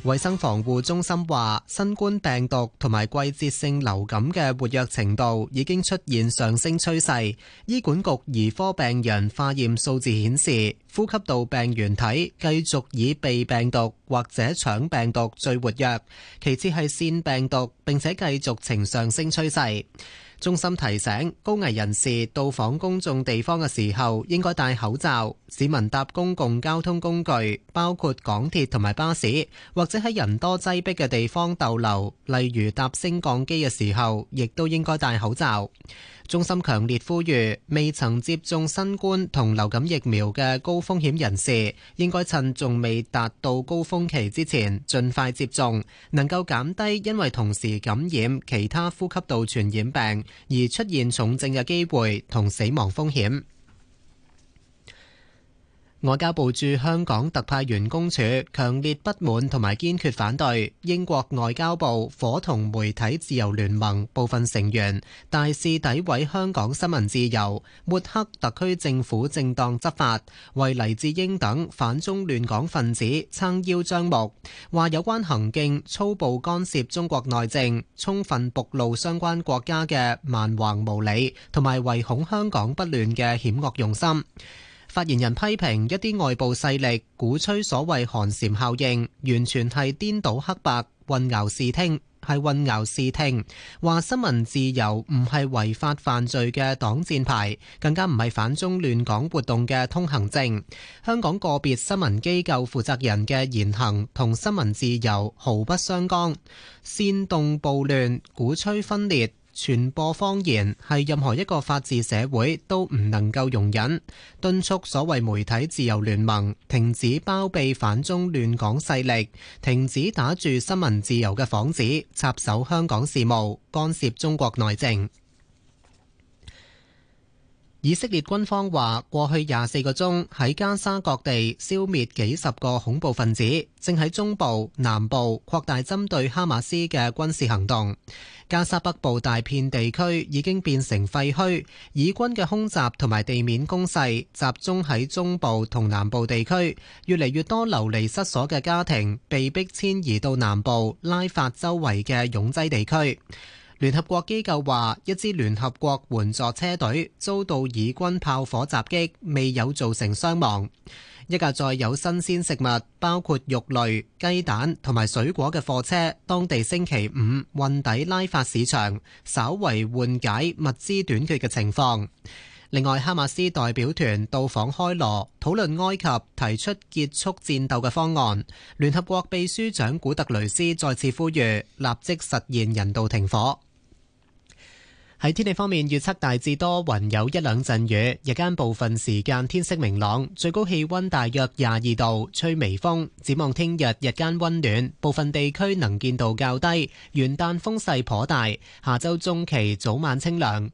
衛生防護中心話，新冠病毒同埋季節性流感嘅活躍程度已經出現上升趨勢。醫管局兒科病人化驗數字顯示，呼吸道病原體繼續以鼻病毒或者腸病毒最活躍，其次係腺病毒，並且繼續呈上升趨勢。中心提醒高危人士到訪公眾地方嘅時候，應該戴口罩。市民搭公共交通工具，包括港鐵同埋巴士，或者喺人多擠迫嘅地方逗留，例如搭升降機嘅時候，亦都應該戴口罩。中心強烈呼籲，未曾接種新冠同流感疫苗嘅高風險人士，應該趁仲未達到高峰期之前，盡快接種，能夠減低因為同時感染其他呼吸道傳染病而出現重症嘅機會同死亡風險。外交部駐香港特派員公署強烈不滿同埋堅決反對英國外交部伙同媒體自由聯盟部分成員大肆詆毀香港新聞自由，抹黑特區政府正當執法，為黎智英等反中亂港分子撐腰張目，話有關行徑粗暴干涉中國內政，充分暴露相關國家嘅蠻橫無理同埋唯恐香港不亂嘅險惡用心。發言人批評一啲外部勢力鼓吹所謂寒蟬效應，完全係顛倒黑白、混淆視聽，係混淆視聽。話新聞自由唔係違法犯罪嘅擋箭牌，更加唔係反中亂港活動嘅通行證。香港個別新聞機構負責人嘅言行同新聞自由毫不相干，煽動暴亂、鼓吹分裂，傳播謊言係任何一個法治社會都唔能夠容忍。敦促所謂媒體自由聯盟停止包庇反中亂港勢力，停止打住新聞自由嘅幌子，插手香港事務，干涉中國內政。以色列軍方話：過去廿四個鐘喺加沙各地消滅幾十個恐怖分子，正喺中部、南部擴大針對哈馬斯嘅軍事行動。加沙北部大片地區已經變成廢墟，以軍嘅空襲同埋地面攻勢集中喺中部同南部地區，越嚟越多流離失所嘅家庭被迫遷移到南部拉法周圍嘅擁擠地區。聯合國機構話，一支聯合國援助車隊遭到以軍炮火襲擊，未有造成傷亡。一架載有新鮮食物，包括肉類、雞蛋同埋水果嘅貨車，當地星期五運抵拉法市場，稍為緩解物資短缺嘅情況。另外，哈馬斯代表團到訪開羅，討論埃及提出結束戰鬥嘅方案。聯合國秘書長古特雷斯再次呼籲立即實現人道停火。喺天氣方面，預測大致多雲，有一兩陣雨。日間部分時間天色明朗，最高氣溫大約廿二度，吹微風。展望聽日日間溫暖，部分地區能見度較低。元旦風勢頗大，下周中期早晚清涼。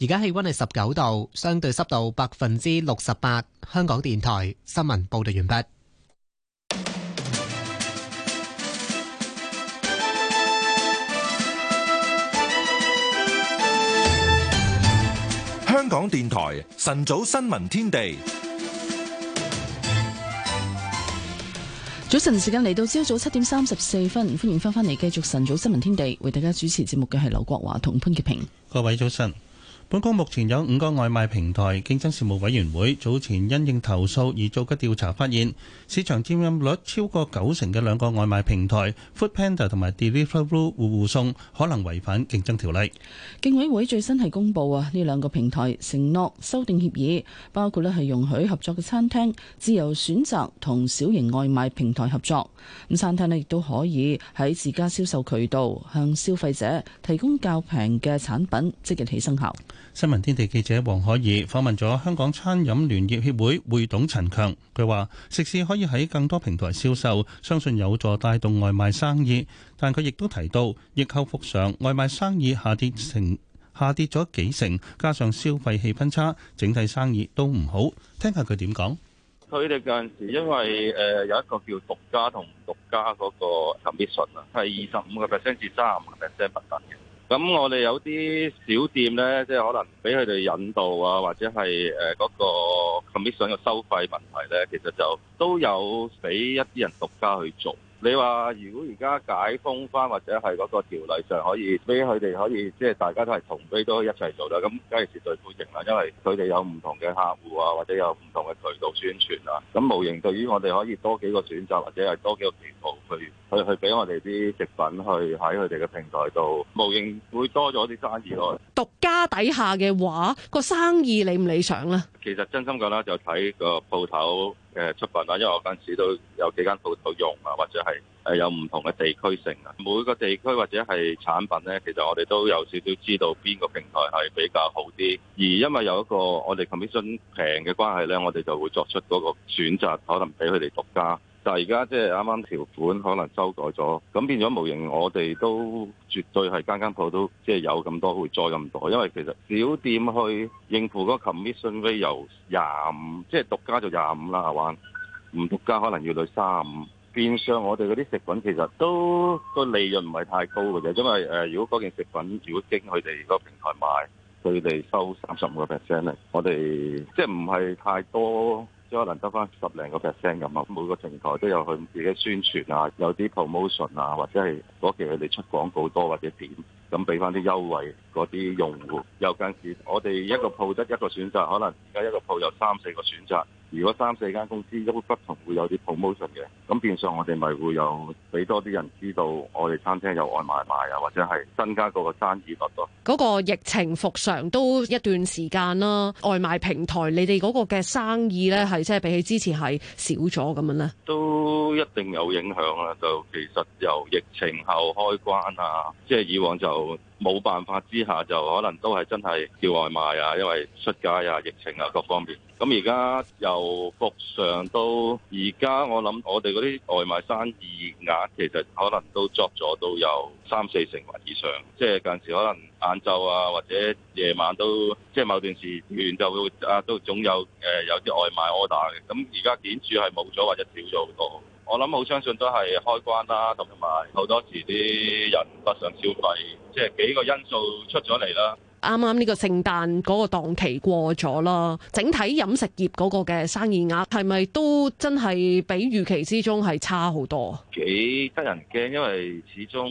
而家氣溫係十九度，相對濕度百分之六十八。香港電台新聞報道完畢。香港電台晨早新聞天地，早晨時間嚟到，朝早七點三十四分，歡迎翻返嚟繼續晨早新聞天地，為大家主持節目嘅係劉國華同潘潔平，各位早晨。本港目前有五個外賣平台。競爭事務委員會早前因應投訴而做嘅調查，發現市場佔有率超過九成嘅兩個外賣平台 Foodpanda 同埋 Deliveroo 互送，可能違反競爭條例。競委會最新係公佈啊，呢兩個平台承諾修訂協議，包括呢係容許合作嘅餐廳自由選擇同小型外賣平台合作。咁餐廳呢亦都可以喺自家銷售渠道向消費者提供較平嘅產品，即日起生效。新聞天地記者黃海兒訪問咗香港餐飲聯業協會會董陳強，佢話：食肆可以喺更多平台銷售，相信有助帶動外賣生意。但佢亦都提到，疫後復常外賣生意下跌成下跌咗幾成，加上消費氣氛差，整體生意都唔好。聽下佢點講。佢哋嗰陣時因為誒有一個叫獨家同獨家嗰個 commission 啊，係二十五個 percent 至三十五個 percent 不等嘅。咁我哋有啲小店呢，即可能俾佢哋引導啊，或者係誒嗰個 commission 嘅收費問題呢，其實就都有俾一啲人獨家去做。你話如果而家解封翻或者係嗰個條例上可以俾佢哋可以即係大家都係同飛都一齊做啦，咁梗係絕對歡迎啦，因為佢哋有唔同嘅客戶啊，或者有唔同嘅渠道宣傳啊，咁無形對於我哋可以多幾個選擇或者係多幾個渠道去去去俾我哋啲食品去喺佢哋嘅平台度，無形會多咗啲生意咯。獨家底下嘅話，個生意理唔理想啦？其實真心講啦，就睇個鋪頭。誒出品啦，因為我陣時都有幾間鋪頭用啊，或者係誒有唔同嘅地區性啊。每個地區或者係產品咧，其實我哋都有少少知道邊個平台係比較好啲。而因為有一個我哋 commission 平嘅關係咧，我哋就會作出嗰個選擇，可能俾佢哋獨家。就而家即係啱啱條款可能修改咗，咁變咗模型，我哋都絕對係間間鋪都即係有咁多會再咁多，因為其實小店去應付個 commission fee，由廿五，即係獨家就廿五啦，係嘛？唔獨家可能要到三十五。變相我哋嗰啲食品其實都個利潤唔係太高嘅啫，因為誒，如果嗰件食品如果經佢哋個平台買，佢哋收三十五個 percent 咧，我哋即係唔係太多。即可能得翻十零個 percent 咁啊！每個平台都有佢自己宣傳啊，有啲 promotion 啊，或者係嗰期佢哋出廣告多或者點，咁俾翻啲優惠嗰啲用戶。又間時我哋一個鋪得一個選擇，可能而家一個鋪有三四個選擇。如果三四間公司都不同，會有啲 promotion 嘅，咁變相我哋咪會有俾多啲人知道我哋餐廳有外賣賣啊，或者係增加嗰個生意率咯。嗰個疫情復常都一段時間啦，外賣平台你哋嗰個嘅生意咧，係即係比起之前係少咗咁樣咧，都一定有影響啦。就其實由疫情後開關啊，即係以往就。冇辦法之下就可能都係真係叫外賣啊，因為出街啊、疫情啊各方面。咁而家又復常都，而家我諗我哋嗰啲外賣生意額其實可能都作咗都有三四成或以上，即係近時可能晏晝啊或者夜晚都即係某段時段就會啊都總有誒有啲外賣 order 嘅。咁而家顯著係冇咗或者少咗好多。我諗好相信都係開關啦，同埋好多時啲人不想消費，即係幾個因素出咗嚟啦。啱啱呢個聖誕嗰個檔期過咗啦，整體飲食業嗰個嘅生意額係咪都真係比預期之中係差好多？幾得人驚，因為始終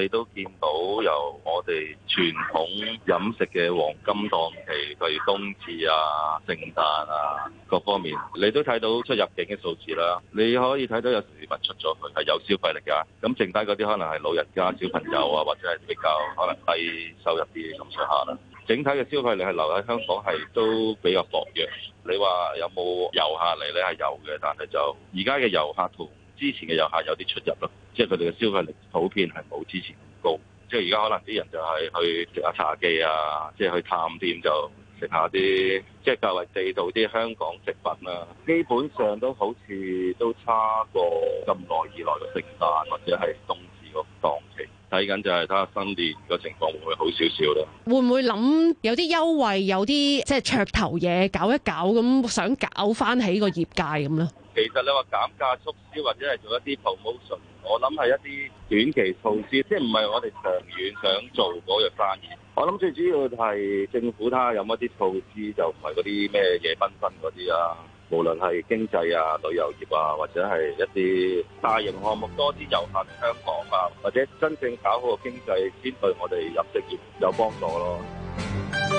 你都見到由我哋傳統飲食嘅黃金檔期，譬如冬至啊、聖誕啊各方面，你都睇到出入境嘅數字啦。你可以睇到有市民出咗去係有消費力㗎，咁剩低嗰啲可能係老人家、小朋友啊，或者係比較可能低收入啲咁上下。整體嘅消費力係留喺香港係都比較薄弱，你有有。你話有冇遊客嚟咧係有嘅，但係就而家嘅遊客同之前嘅遊客有啲出入咯。即係佢哋嘅消費力普遍係冇之前咁高。即係而家可能啲人就係去食下茶記啊，即、就、係、是、去探店就食下啲即係較為地道啲香港食品啊。基本上都好似都差過咁耐以來嘅聖誕或者係冬至嗰檔期。睇緊就係睇下新年個情況會唔會好少少咯？會唔會諗有啲優惠，有啲即係噱頭嘢搞一搞咁，想搞翻起個業界咁咧？其實你話減價促銷或者係做一啲 promotion，我諗係一啲短期措施，即係唔係我哋長遠想做嗰樣生意。我諗最主要係政府睇下有冇一啲措施，就唔係嗰啲咩夜繽紛嗰啲啊。無論係經濟啊、旅遊業啊，或者係一啲大型項目多啲遊行香港啊，或者真正搞好個經濟，先對我哋飲食業有幫助咯。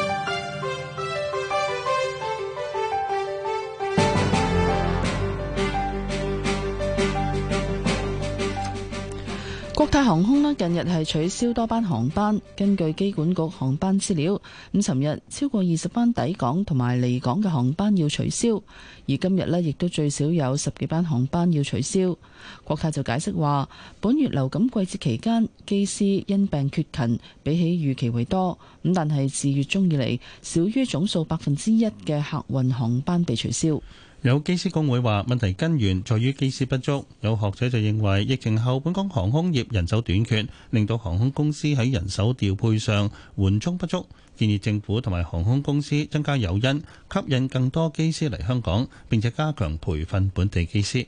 國泰航空呢近日係取消多班航班，根據機管局航班資料，咁尋日超過二十班抵港同埋離港嘅航班要取消，而今日呢亦都最少有十幾班航班要取消。國泰就解釋話，本月流感季節期間，機師因病缺勤比起預期為多，咁但係自月中以嚟，少於總數百分之一嘅客運航班被取消。有機師工會話：問題根源在於機師不足。有學者就認為，疫情後本港航空業人手短缺，令到航空公司喺人手調配上緩衝不足。建議政府同埋航空公司增加誘因，吸引更多機師嚟香港，並且加強培訓本地機師。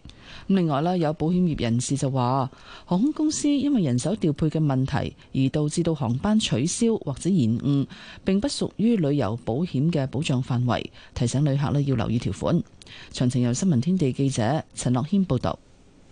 另外咧，有保險業人士就話，航空公司因為人手調配嘅問題而導致到航班取消或者延誤，並不屬於旅遊保險嘅保障範圍，提醒旅客咧要留意條款。詳情由新聞天地記者陳樂謙報道。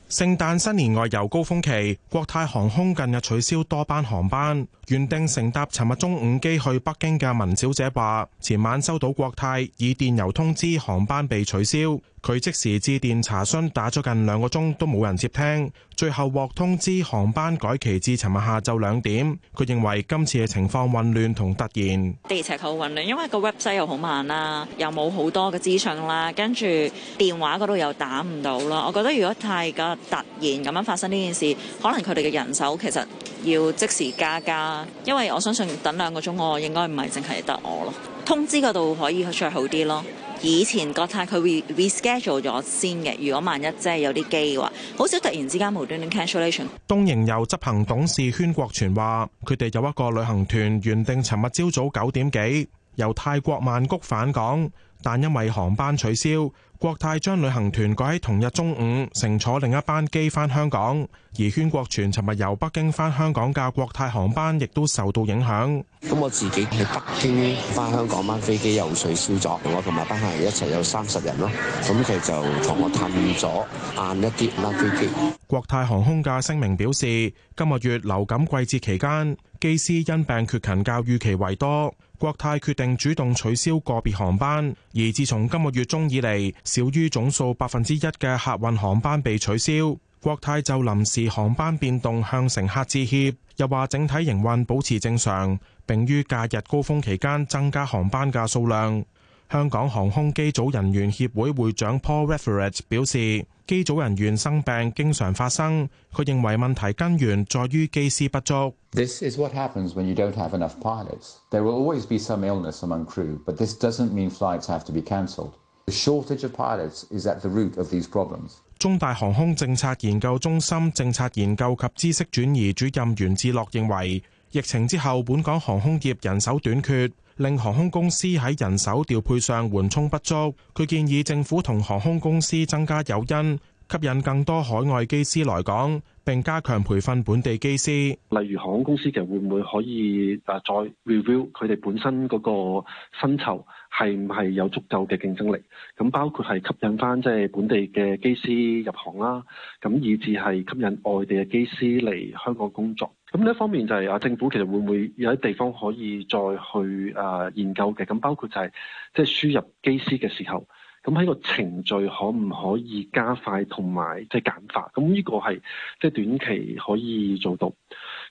聖誕新年外遊高峰期，國泰航空近日取消多班航班。原定乘搭尋日中午機去北京嘅文小姐話，前晚收到國泰以電郵通知航班被取消。佢即時致電查詢，打咗近兩個鐘都冇人接聽，最後獲通知航班改期至尋日下晝兩點。佢認為今次嘅情況混亂同突然，地鐵好混亂，因為個 website 又好慢啦，又冇好多嘅資訊啦，跟住電話嗰度又打唔到啦。我覺得如果太過突然咁樣發生呢件事，可能佢哋嘅人手其實要即時加加，因為我相信等兩個鐘我應該唔係淨係得我咯。通知嗰度可以著好啲咯。以前國泰佢會 re re schedule 咗先嘅，如果萬一真係有啲機嘅話，好少突然之間無端端 cancellation。東瀛遊執行董事禤國全話：佢哋有一個旅行團原定尋日朝早九點幾由泰國曼谷返港。但因為航班取消，國泰將旅行團改喺同日中午乘坐另一班機返香港。而宣國全尋日由北京返香港嘅國泰航班亦都受到影響。咁我自己喺北京返香港班飛機又取消咗，我同埋班客人一齊有三十人咯。咁其實就同我褪咗晏一啲啦。飛機國泰航空嘅聲明表示，今個月流感季節期間，機師因病缺勤較預期為多。國泰決定主動取消個別航班，而自從今個月中以嚟，少於總數百分之一嘅客運航班被取消。國泰就臨時航班變動向乘客致歉，又話整體營運保持正常，并於假日高峰期間增加航班嘅數量。香港航空機組人員協會會長 Paul Referret 表示，機組人員生病經常發生，佢認為問題根源在於機師不足。This is what happens when you 中大航空政策研究中心政策研究及知識轉移主任袁志樂認為，疫情之後本港航空業人手短缺。令航空公司喺人手調配上緩衝不足，佢建議政府同航空公司增加誘因，吸引更多海外機師來港，並加強培訓本地機師。例如航空公司其實會唔會可以誒再 review 佢哋本身嗰個薪酬係唔係有足夠嘅競爭力？咁包括係吸引返即係本地嘅機師入行啦，咁以至係吸引外地嘅機師嚟香港工作。咁呢一方面就係、是、啊，政府其實會唔會有啲地方可以再去啊、呃、研究嘅？咁包括就係即係輸入機師嘅時候，咁喺個程序可唔可以加快同埋即係簡化？咁呢個係即係短期可以做到。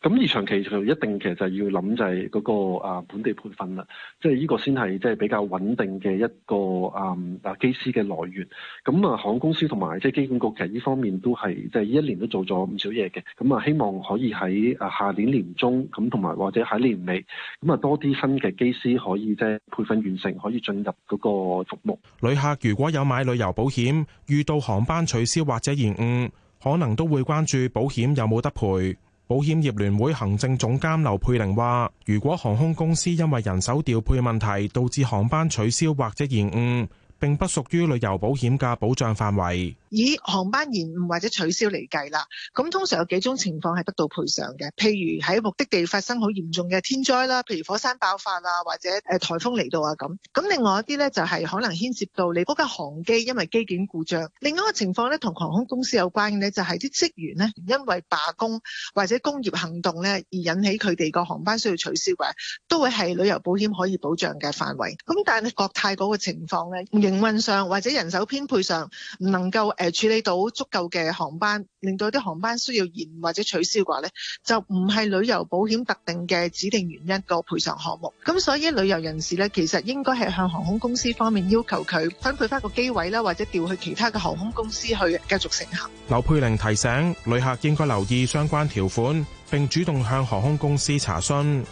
咁而長期就一定其實就要諗，就係嗰個啊本地培訓啦，即係呢個先係即係比較穩定嘅一個啊啊機師嘅來源。咁啊，航空公司同埋即係機管局其實呢方面都係即係一年都做咗唔少嘢嘅。咁啊，希望可以喺啊下年年中咁，同埋或者喺年尾咁啊，多啲新嘅機師可以即係培訓完成，可以進入嗰個服務。旅客如果有買旅遊保險，遇到航班取消或者延誤，可能都會關注保險有冇得賠。保險業聯會行政總監劉佩玲話，如果航空公司因為人手調配問題導致航班取消或者延誤，並不屬於旅遊保險嘅保障範圍。以航班延誤或者取消嚟計啦，咁通常有幾種情況係得到賠償嘅。譬如喺目的地發生好嚴重嘅天災啦，譬如火山爆發啊，或者誒颱風嚟到啊咁。咁另外一啲咧就係可能牽涉到你嗰架航機因為機件故障。另外一個情況咧同航空公司有關嘅咧就係啲職員呢，因為罷工或者工業行動咧而引起佢哋個航班需要取消嘅，都會係旅遊保險可以保障嘅範圍。咁但係國泰嗰個情況咧。營運上或者人手編配上唔能夠誒處理到足夠嘅航班，令到啲航班需要延或者取消嘅話咧，就唔係旅遊保險特定嘅指定原因個賠償項目。咁所以旅遊人士咧，其實應該係向航空公司方面要求佢分配翻個機位啦，或者調去其他嘅航空公司去繼續成行。劉佩玲提醒旅客應該留意相關條款，並主動向航空公司查詢。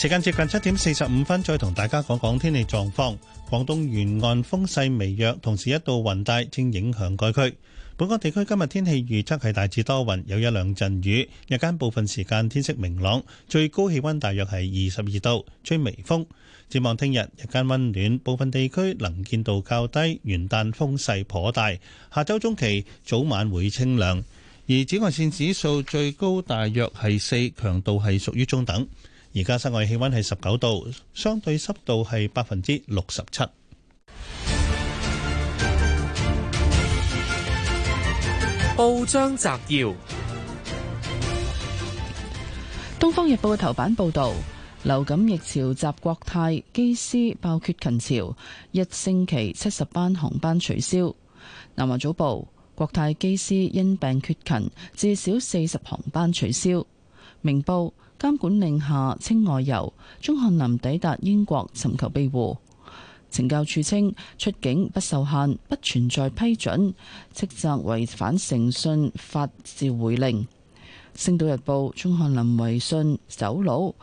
時間接近七點四十五分，再同大家講講天氣狀況。廣東沿岸風勢微弱，同時一道雲帶正影響該區。本港地區今日天氣預測係大致多雲，有一兩陣雨。日間部分時間天色明朗，最高氣溫大約係二十二度，吹微風。展望聽日日間溫暖，部分地區能見度較低，元旦風勢頗大。下周中期早晚會清涼，而紫外線指數最高大約係四，強度係屬於中等。而家室外氣溫係十九度，相對濕度係百分之六十七。報章摘要：《東方日報》嘅頭版報導，流感疫潮襲國泰機師爆缺勤潮，一星期七十班航班取消。南華早報：國泰機師因病缺勤，至少四十航班取消。明報。監管令下，清外遊，鍾翰林抵達英國尋求庇護，懲教署稱出境不受限，不存在批准，斥責違反誠信發召回令。《星島日報》：鍾翰林違信走佬，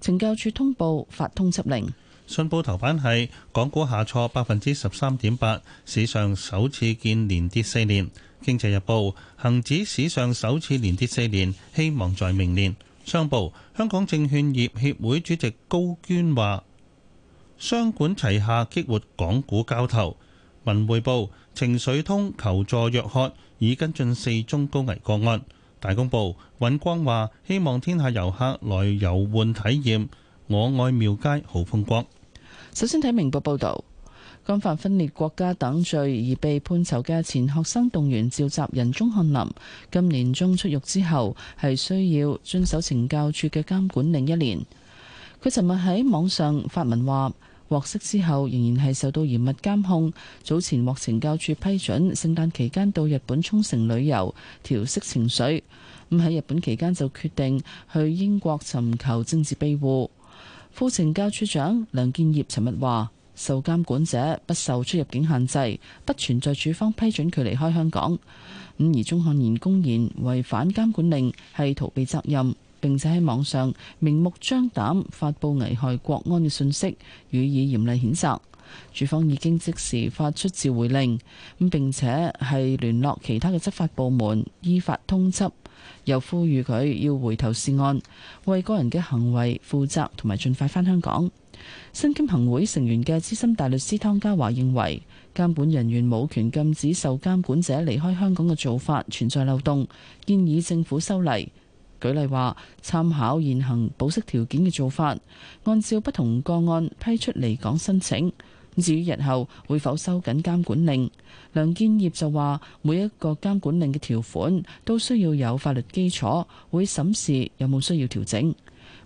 懲教署通報發通緝令。《信報》頭版係港股下挫百分之十三點八，史上首次見連跌四年。《經濟日報》：恒指史上首次連跌四年，希望在明年。商報：香港證券業協會主席高娟話，雙管齊下激活港股交投。文匯報：情緒通求助約看，已跟進四宗高危個案。大公報：尹光話，希望天下遊客來遊玩體驗我愛廟街好風光。首先睇明報報道。干犯分裂國家等罪而被判囚嘅前學生動員召集人鍾翰林，今年中出獄之後，係需要遵守懲教署嘅監管另一年。佢尋日喺網上發文話，獲釋之後仍然係受到嚴密監控。早前獲懲教署批准，聖誕期間到日本沖繩旅遊，調適情緒。咁喺日本期間就決定去英國尋求政治庇護。副懲教署長梁建業尋日話。受監管者不受出入境限制，不存在署方批准佢離開香港。咁而鍾翰林公然違反監管令，係逃避責任，並且喺網上明目張膽發布危害國安嘅信息，予以嚴厲譴責。署方已經即時發出召回令，咁並且係聯絡其他嘅執法部門依法通緝，又呼籲佢要回頭是岸，為個人嘅行為負責，同埋盡快返香港。身兼行會成員嘅資深大律師湯家華認為，監管人員冇權禁止受監管者離開香港嘅做法存在漏洞，建議政府修例。舉例話，參考現行保釋條件嘅做法，按照不同個案批出離港申請。至於日後會否收緊監管令，梁建業就話，每一個監管令嘅條款都需要有法律基礎，會審視有冇需要調整。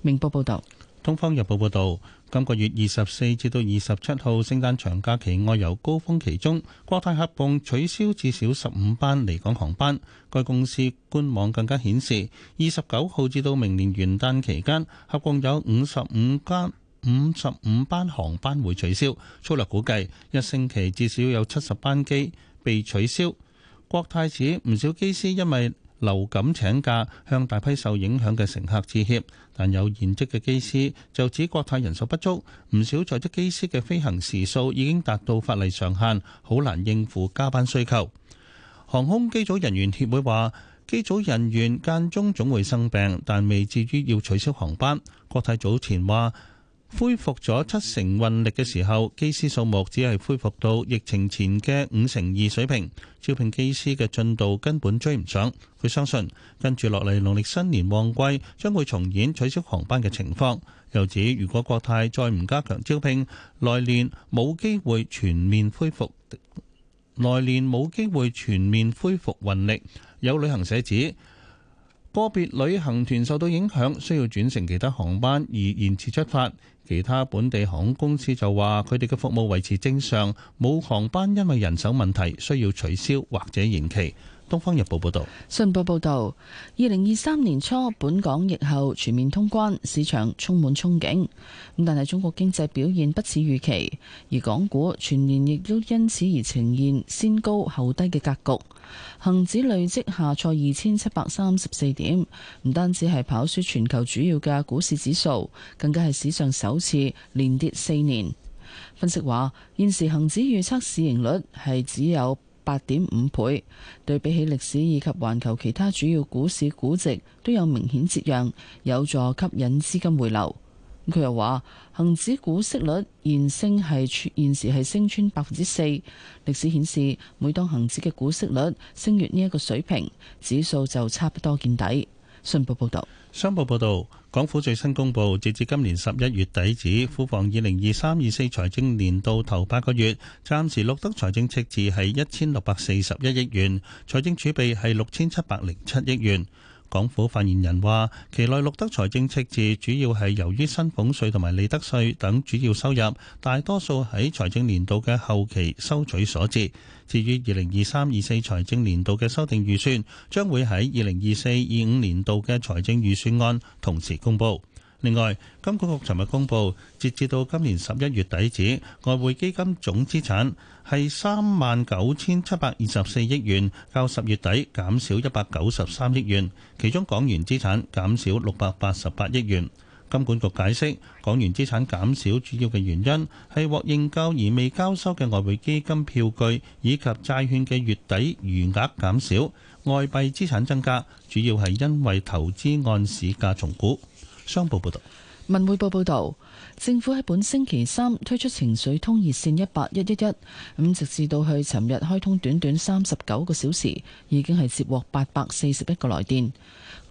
明報報道，東方日報報道。今個月二十四至到二十七號聖誕長假期外遊高峰期中，國泰合共取消至少十五班離港航班。該公司官網更加顯示，二十九號至到明年元旦期間，合共有五十五間五十五班航班會取消。粗略估計，一星期至少有七十班機被取消。國泰指唔少機師因為流感請假向大批受影響嘅乘客致歉，但有現職嘅機師就指國泰人手不足，唔少在職機師嘅飛行時數已經達到法例上限，好難應付加班需求。航空機組人員協會話，機組人員間中總會生病，但未至於要取消航班。國泰早前話，恢復咗七成運力嘅時候，機師數目只係恢復到疫情前嘅五成二水平，招聘機師嘅進度根本追唔上。佢相信跟住落嚟農曆新年旺季將會重演取消航班嘅情況。又指如果國泰再唔加強招聘，來年冇機會全面恢復，來年冇機會全面恢復運力。有旅行社指，個別旅行團受到影響，需要轉乘其他航班而延遲出發。其他本地航空公司就話，佢哋嘅服務維持正常，冇航班因為人手問題需要取消或者延期。《東方日報》報道，信報報導，二零二三年初本港疫後全面通關，市場充滿憧憬。咁但係中國經濟表現不似預期，而港股全年亦都因此而呈現先高後低嘅格局。恒指累積下挫二千七百三十四點，唔單止係跑輸全球主要嘅股市指數，更加係史上首次連跌四年。分析話，現時恒指預測市盈率係只有，八點五倍，對比起歷史以及環球其他主要股市估值，都有明顯折讓，有助吸引資金回流。佢又話，恒指股息率現升係現時係升穿百分之四，歷史顯示每當恒指嘅股息率升越呢一個水平，指數就差不多見底。信報報道，商報報道。港府最新公布，截至今年十一月底止，庫房二零二三二四財政年度頭八個月，暫時錄得財政赤字係一千六百四十一億元，財政儲備係六千七百零七億元。港府發言人話，期內錄得財政赤字主要係由於薪俸稅同埋利得稅等主要收入，大多數喺財政年度嘅後期收取所致。至於二零二三、二四財政年度嘅修訂預算，將會喺二零二四、二五年度嘅財政預算案同時公布。另外，金管局尋日公布，截至到今年十一月底止，外匯基金總資產係三萬九千七百二十四億元，較十月底減少一百九十三億元，其中港元資產減少六百八十八億元。金管局解釋港元資產減少主要嘅原因係獲認購而未交收嘅外匯基金票據，以及債券嘅月底餘額減少；外幣資產增加，主要係因為投資按市價重估。商報報道，文匯報報道，政府喺本星期三推出情緒通熱線一八一一一，咁直至到去尋日開通短短三十九個小時，已經係接獲八百四十一個來電。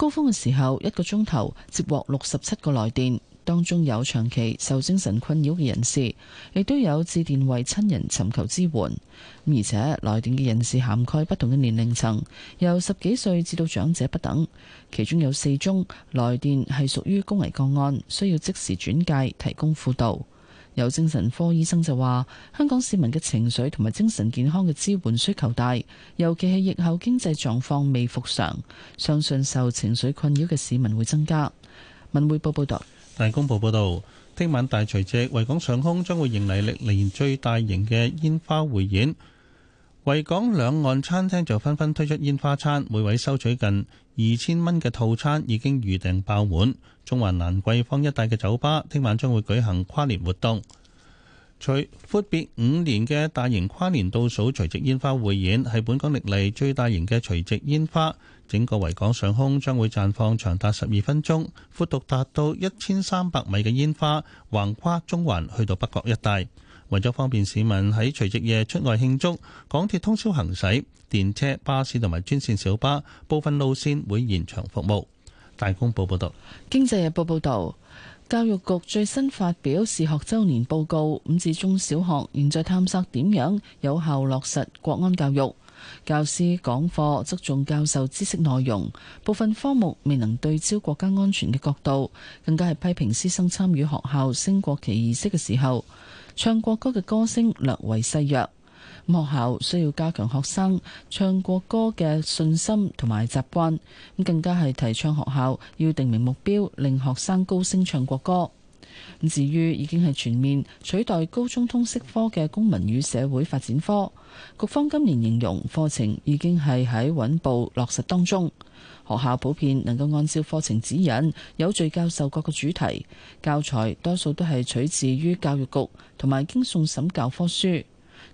高峰嘅時候，一個鐘頭接獲六十七個來電，當中有長期受精神困擾嘅人士，亦都有致電為親人尋求支援。而且來電嘅人士涵蓋不同嘅年齡層，由十幾歲至到長者不等。其中有四宗來電係屬於高危個案，需要即時轉介提供輔導。有精神科醫生就話：香港市民嘅情緒同埋精神健康嘅支援需求大，尤其係疫後經濟狀況未復常，相信受情緒困擾嘅市民會增加。文匯報報道，大公報報道，聽晚大除夕，維港上空將會迎嚟歷年最大型嘅煙花匯演。維港兩岸餐廳就紛紛推出煙花餐，每位收取近二千蚊嘅套餐已經預訂爆滿。中環蘭桂坊一帶嘅酒吧聽晚將會舉行跨年活動，除闊別五年嘅大型跨年倒數垂直煙花匯演，係本港歷嚟最大型嘅垂直煙花，整個維港上空將會綻放長達十二分鐘，闊度達到一千三百米嘅煙花橫跨中環去到北角一帶。為咗方便市民喺除夕夜出外慶祝，港鐵通宵行駛，電車、巴士同埋專線小巴部分路線會延長服務。大公報報道，《經濟日報》報道，教育局最新發表視學周年報告，指中小學仍在探索點樣有效落實國安教育。教師講課側重教授知識內容，部分科目未能對焦國家安全嘅角度，更加係批評師生參與學校升國旗儀式嘅時候，唱國歌嘅歌聲略為細弱。咁學校需要加強學生唱國歌嘅信心同埋習慣，咁更加係提倡學校要定明目標，令學生高聲唱國歌。咁至於已經係全面取代高中通識科嘅公民與社會發展科，局方今年形容課程已經係喺穩步落實當中。學校普遍能夠按照課程指引，有序教授各個主題教材，多數都係取自於教育局同埋經送審教科書。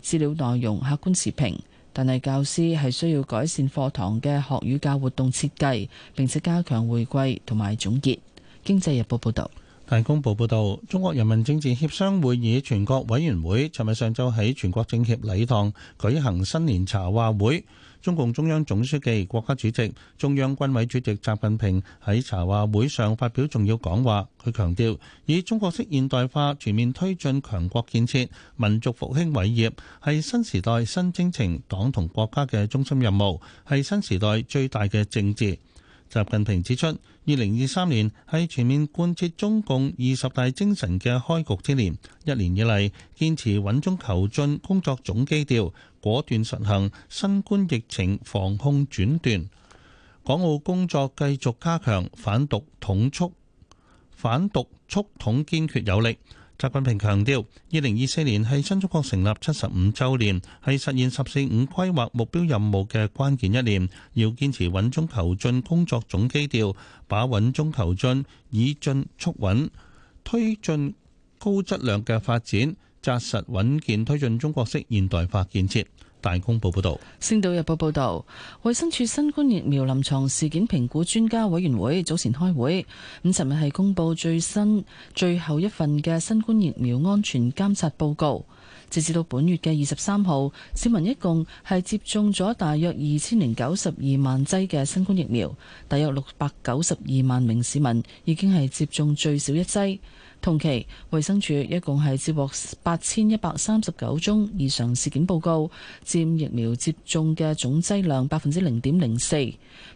資料內容客觀持平，但係教師係需要改善課堂嘅學與教活動設計，並且加強回歸同埋總結。經濟日報報道。《大公報》報道，中國人民政治協商會議全國委員會尋日上晝喺全國政協禮堂舉行新年茶話會。中共中央總書記、國家主席、中央軍委主席習近平喺茶話會上發表重要講話，佢強調以中國式現代化全面推進強國建設、民族復興偉業係新時代新征程黨同國家嘅中心任務，係新時代最大嘅政治。習近平指出，二零二三年係全面貫徹中共二十大精神嘅開局之年。一年以嚟，堅持穩中求進工作總基調，果斷實行新冠疫情防控轉段，港澳工作繼續加強反獨統促，反獨促統堅決有力。習近平強調，二零二四年係新中國成立七十五周年，係實現十四五規劃目標任務嘅關鍵一年，要堅持穩中求進工作總基調，把穩中求進以進促穩，推進高質量嘅發展，扎實穩健推進中國式現代化建設。大公報報道，星島日報報道，衛生署新冠疫苗臨床事件評估專家委員會早前開會，咁尋日係公布最新，最後一份嘅新冠疫苗安全監察報告。截至到本月嘅二十三號，市民一共係接種咗大約二千零九十二萬劑嘅新冠疫苗，大約六百九十二萬名市民已經係接種最少一劑。同期，衛生署一共係接獲八千一百三十九宗異常事件報告，佔疫苗接種嘅總劑量百分之零點零四。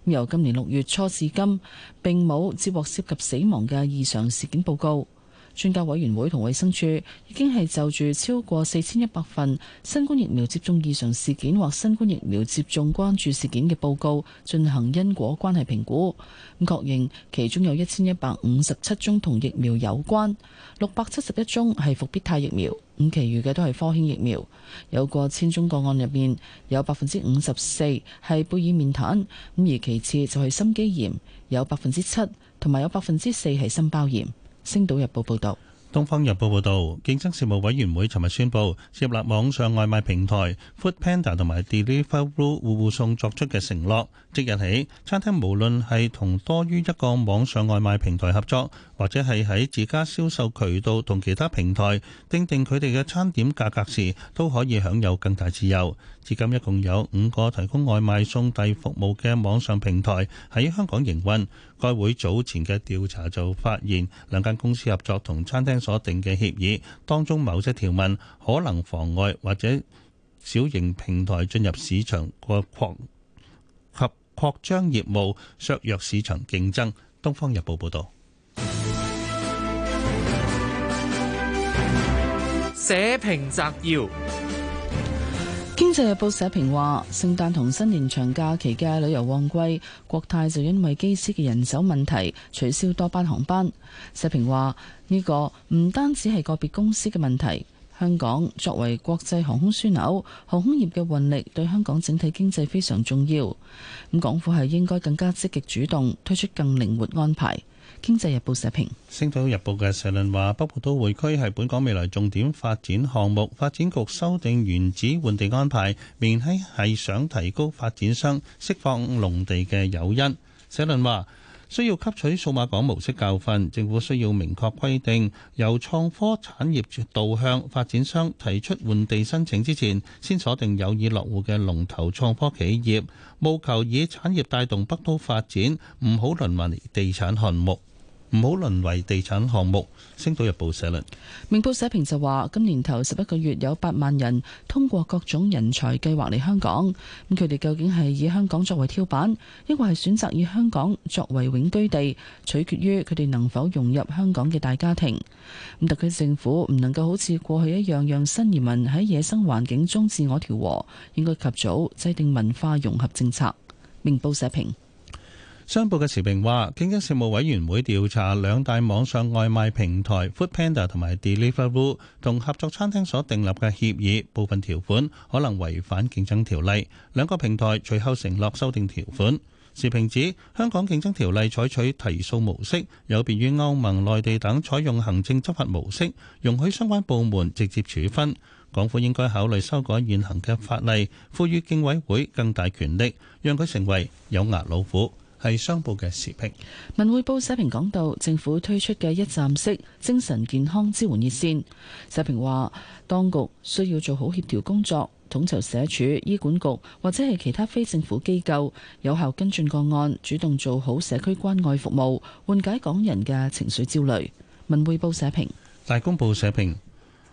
由今年六月初至今，並冇接獲涉及死亡嘅異常事件報告。專家委員會同衛生署已經係就住超過四千一百份新冠疫苗接種異常事件或新冠疫苗接種關注事件嘅報告進行因果關係評估，咁確認其中有一千一百五十七宗同疫苗有關，六百七十一宗係復必泰疫苗，咁其餘嘅都係科興疫苗。有過千宗個案入面，有百分之五十四係貝爾面癱，咁而其次就係心肌炎，有百分之七同埋有百分之四係心包炎。《星島日報》報道，《東方日報，報導》報道，競爭事務委員會尋日宣布，接納網上外賣平台 Foodpanda 同埋 Deliveroo 戶戶送作出嘅承諾，即日起，餐廳無論係同多於一個網上外賣平台合作，.或者係喺自家銷售渠道同其他平台訂定佢哋嘅餐點價格時都可以享有更大自由。至今一共有五個提供外賣送遞服務嘅網上平台喺香港營運，該會早前嘅調查就發現兩間公司合作同餐廳所定嘅協議當中，某些條文可能妨礙或者小型平台進入市場個擴及擴張業務，削弱市場競爭，東方日報報道。社評摘要：經濟日報社評話，聖誕同新年長假期嘅旅遊旺季，國泰就因為機師嘅人手問題取消多班航班。社評話呢個唔單止係個別公司嘅問題，香港作為國際航空樞紐，航空業嘅運力對香港整體經濟非常重要。咁港府係應該更加積極主動，推出更靈活安排。經濟日報社評，《星島日報》嘅社論話：北部都會區係本港未來重點發展項目，發展局修訂原址換地安排，明顯係想提高發展商釋放農地嘅誘因。社論話，需要吸取數碼港模式教訓，政府需要明確規定，由創科產業導向發展商提出換地申請之前，先鎖定有意落戶嘅龍頭創科企業，務求以產業帶動北都發展，唔好淪為地產項目。唔好淪為地產項目。星島日報社論，明報社評就話：今年頭十一個月有八萬人通過各種人才計劃嚟香港，咁佢哋究竟係以香港作為跳板，抑或係選擇以香港作為永居地，取決於佢哋能否融入香港嘅大家庭。咁特區政府唔能夠好似過去一樣，讓新移民喺野生環境中自我調和，應該及早制定文化融合政策。明報社評。商報嘅時評話，競爭事務委員會調查兩大網上外賣平台 Foodpanda 同埋 Deliveroo，同合作餐廳所訂立嘅協議部分條款可能違反競爭條例。兩個平台隨後承諾修訂條款。時評指，香港競爭條例採取提訴模式，有別於歐盟、內地等採用行政執法模式，容許相關部門直接處分。港府應該考慮修改現行嘅法例，賦予競委會更大權力，讓佢成為有牙老虎。係商報嘅時評，文匯報社評講到政府推出嘅一站式精神健康支援熱線，社評話當局需要做好協調工作，統籌社署、醫管局或者係其他非政府機構，有效跟進個案，主動做好社區關愛服務，緩解港人嘅情緒焦慮。文匯報社評，大公報社評。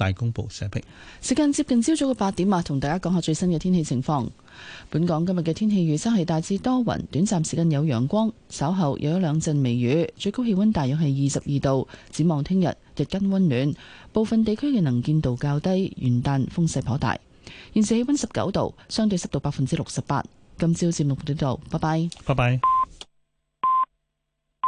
大公報社評，時間接近朝早嘅八點啊，同大家講下最新嘅天氣情況。本港今日嘅天氣預測係大致多雲，短暫時間有陽光，稍後有一兩陣微雨，最高氣溫大約係二十二度。展望聽日日間溫暖，部分地區嘅能見度較低，元旦風勢頗大。現時氣溫十九度，相對濕度百分之六十八。今朝節目到呢度，拜拜，拜拜。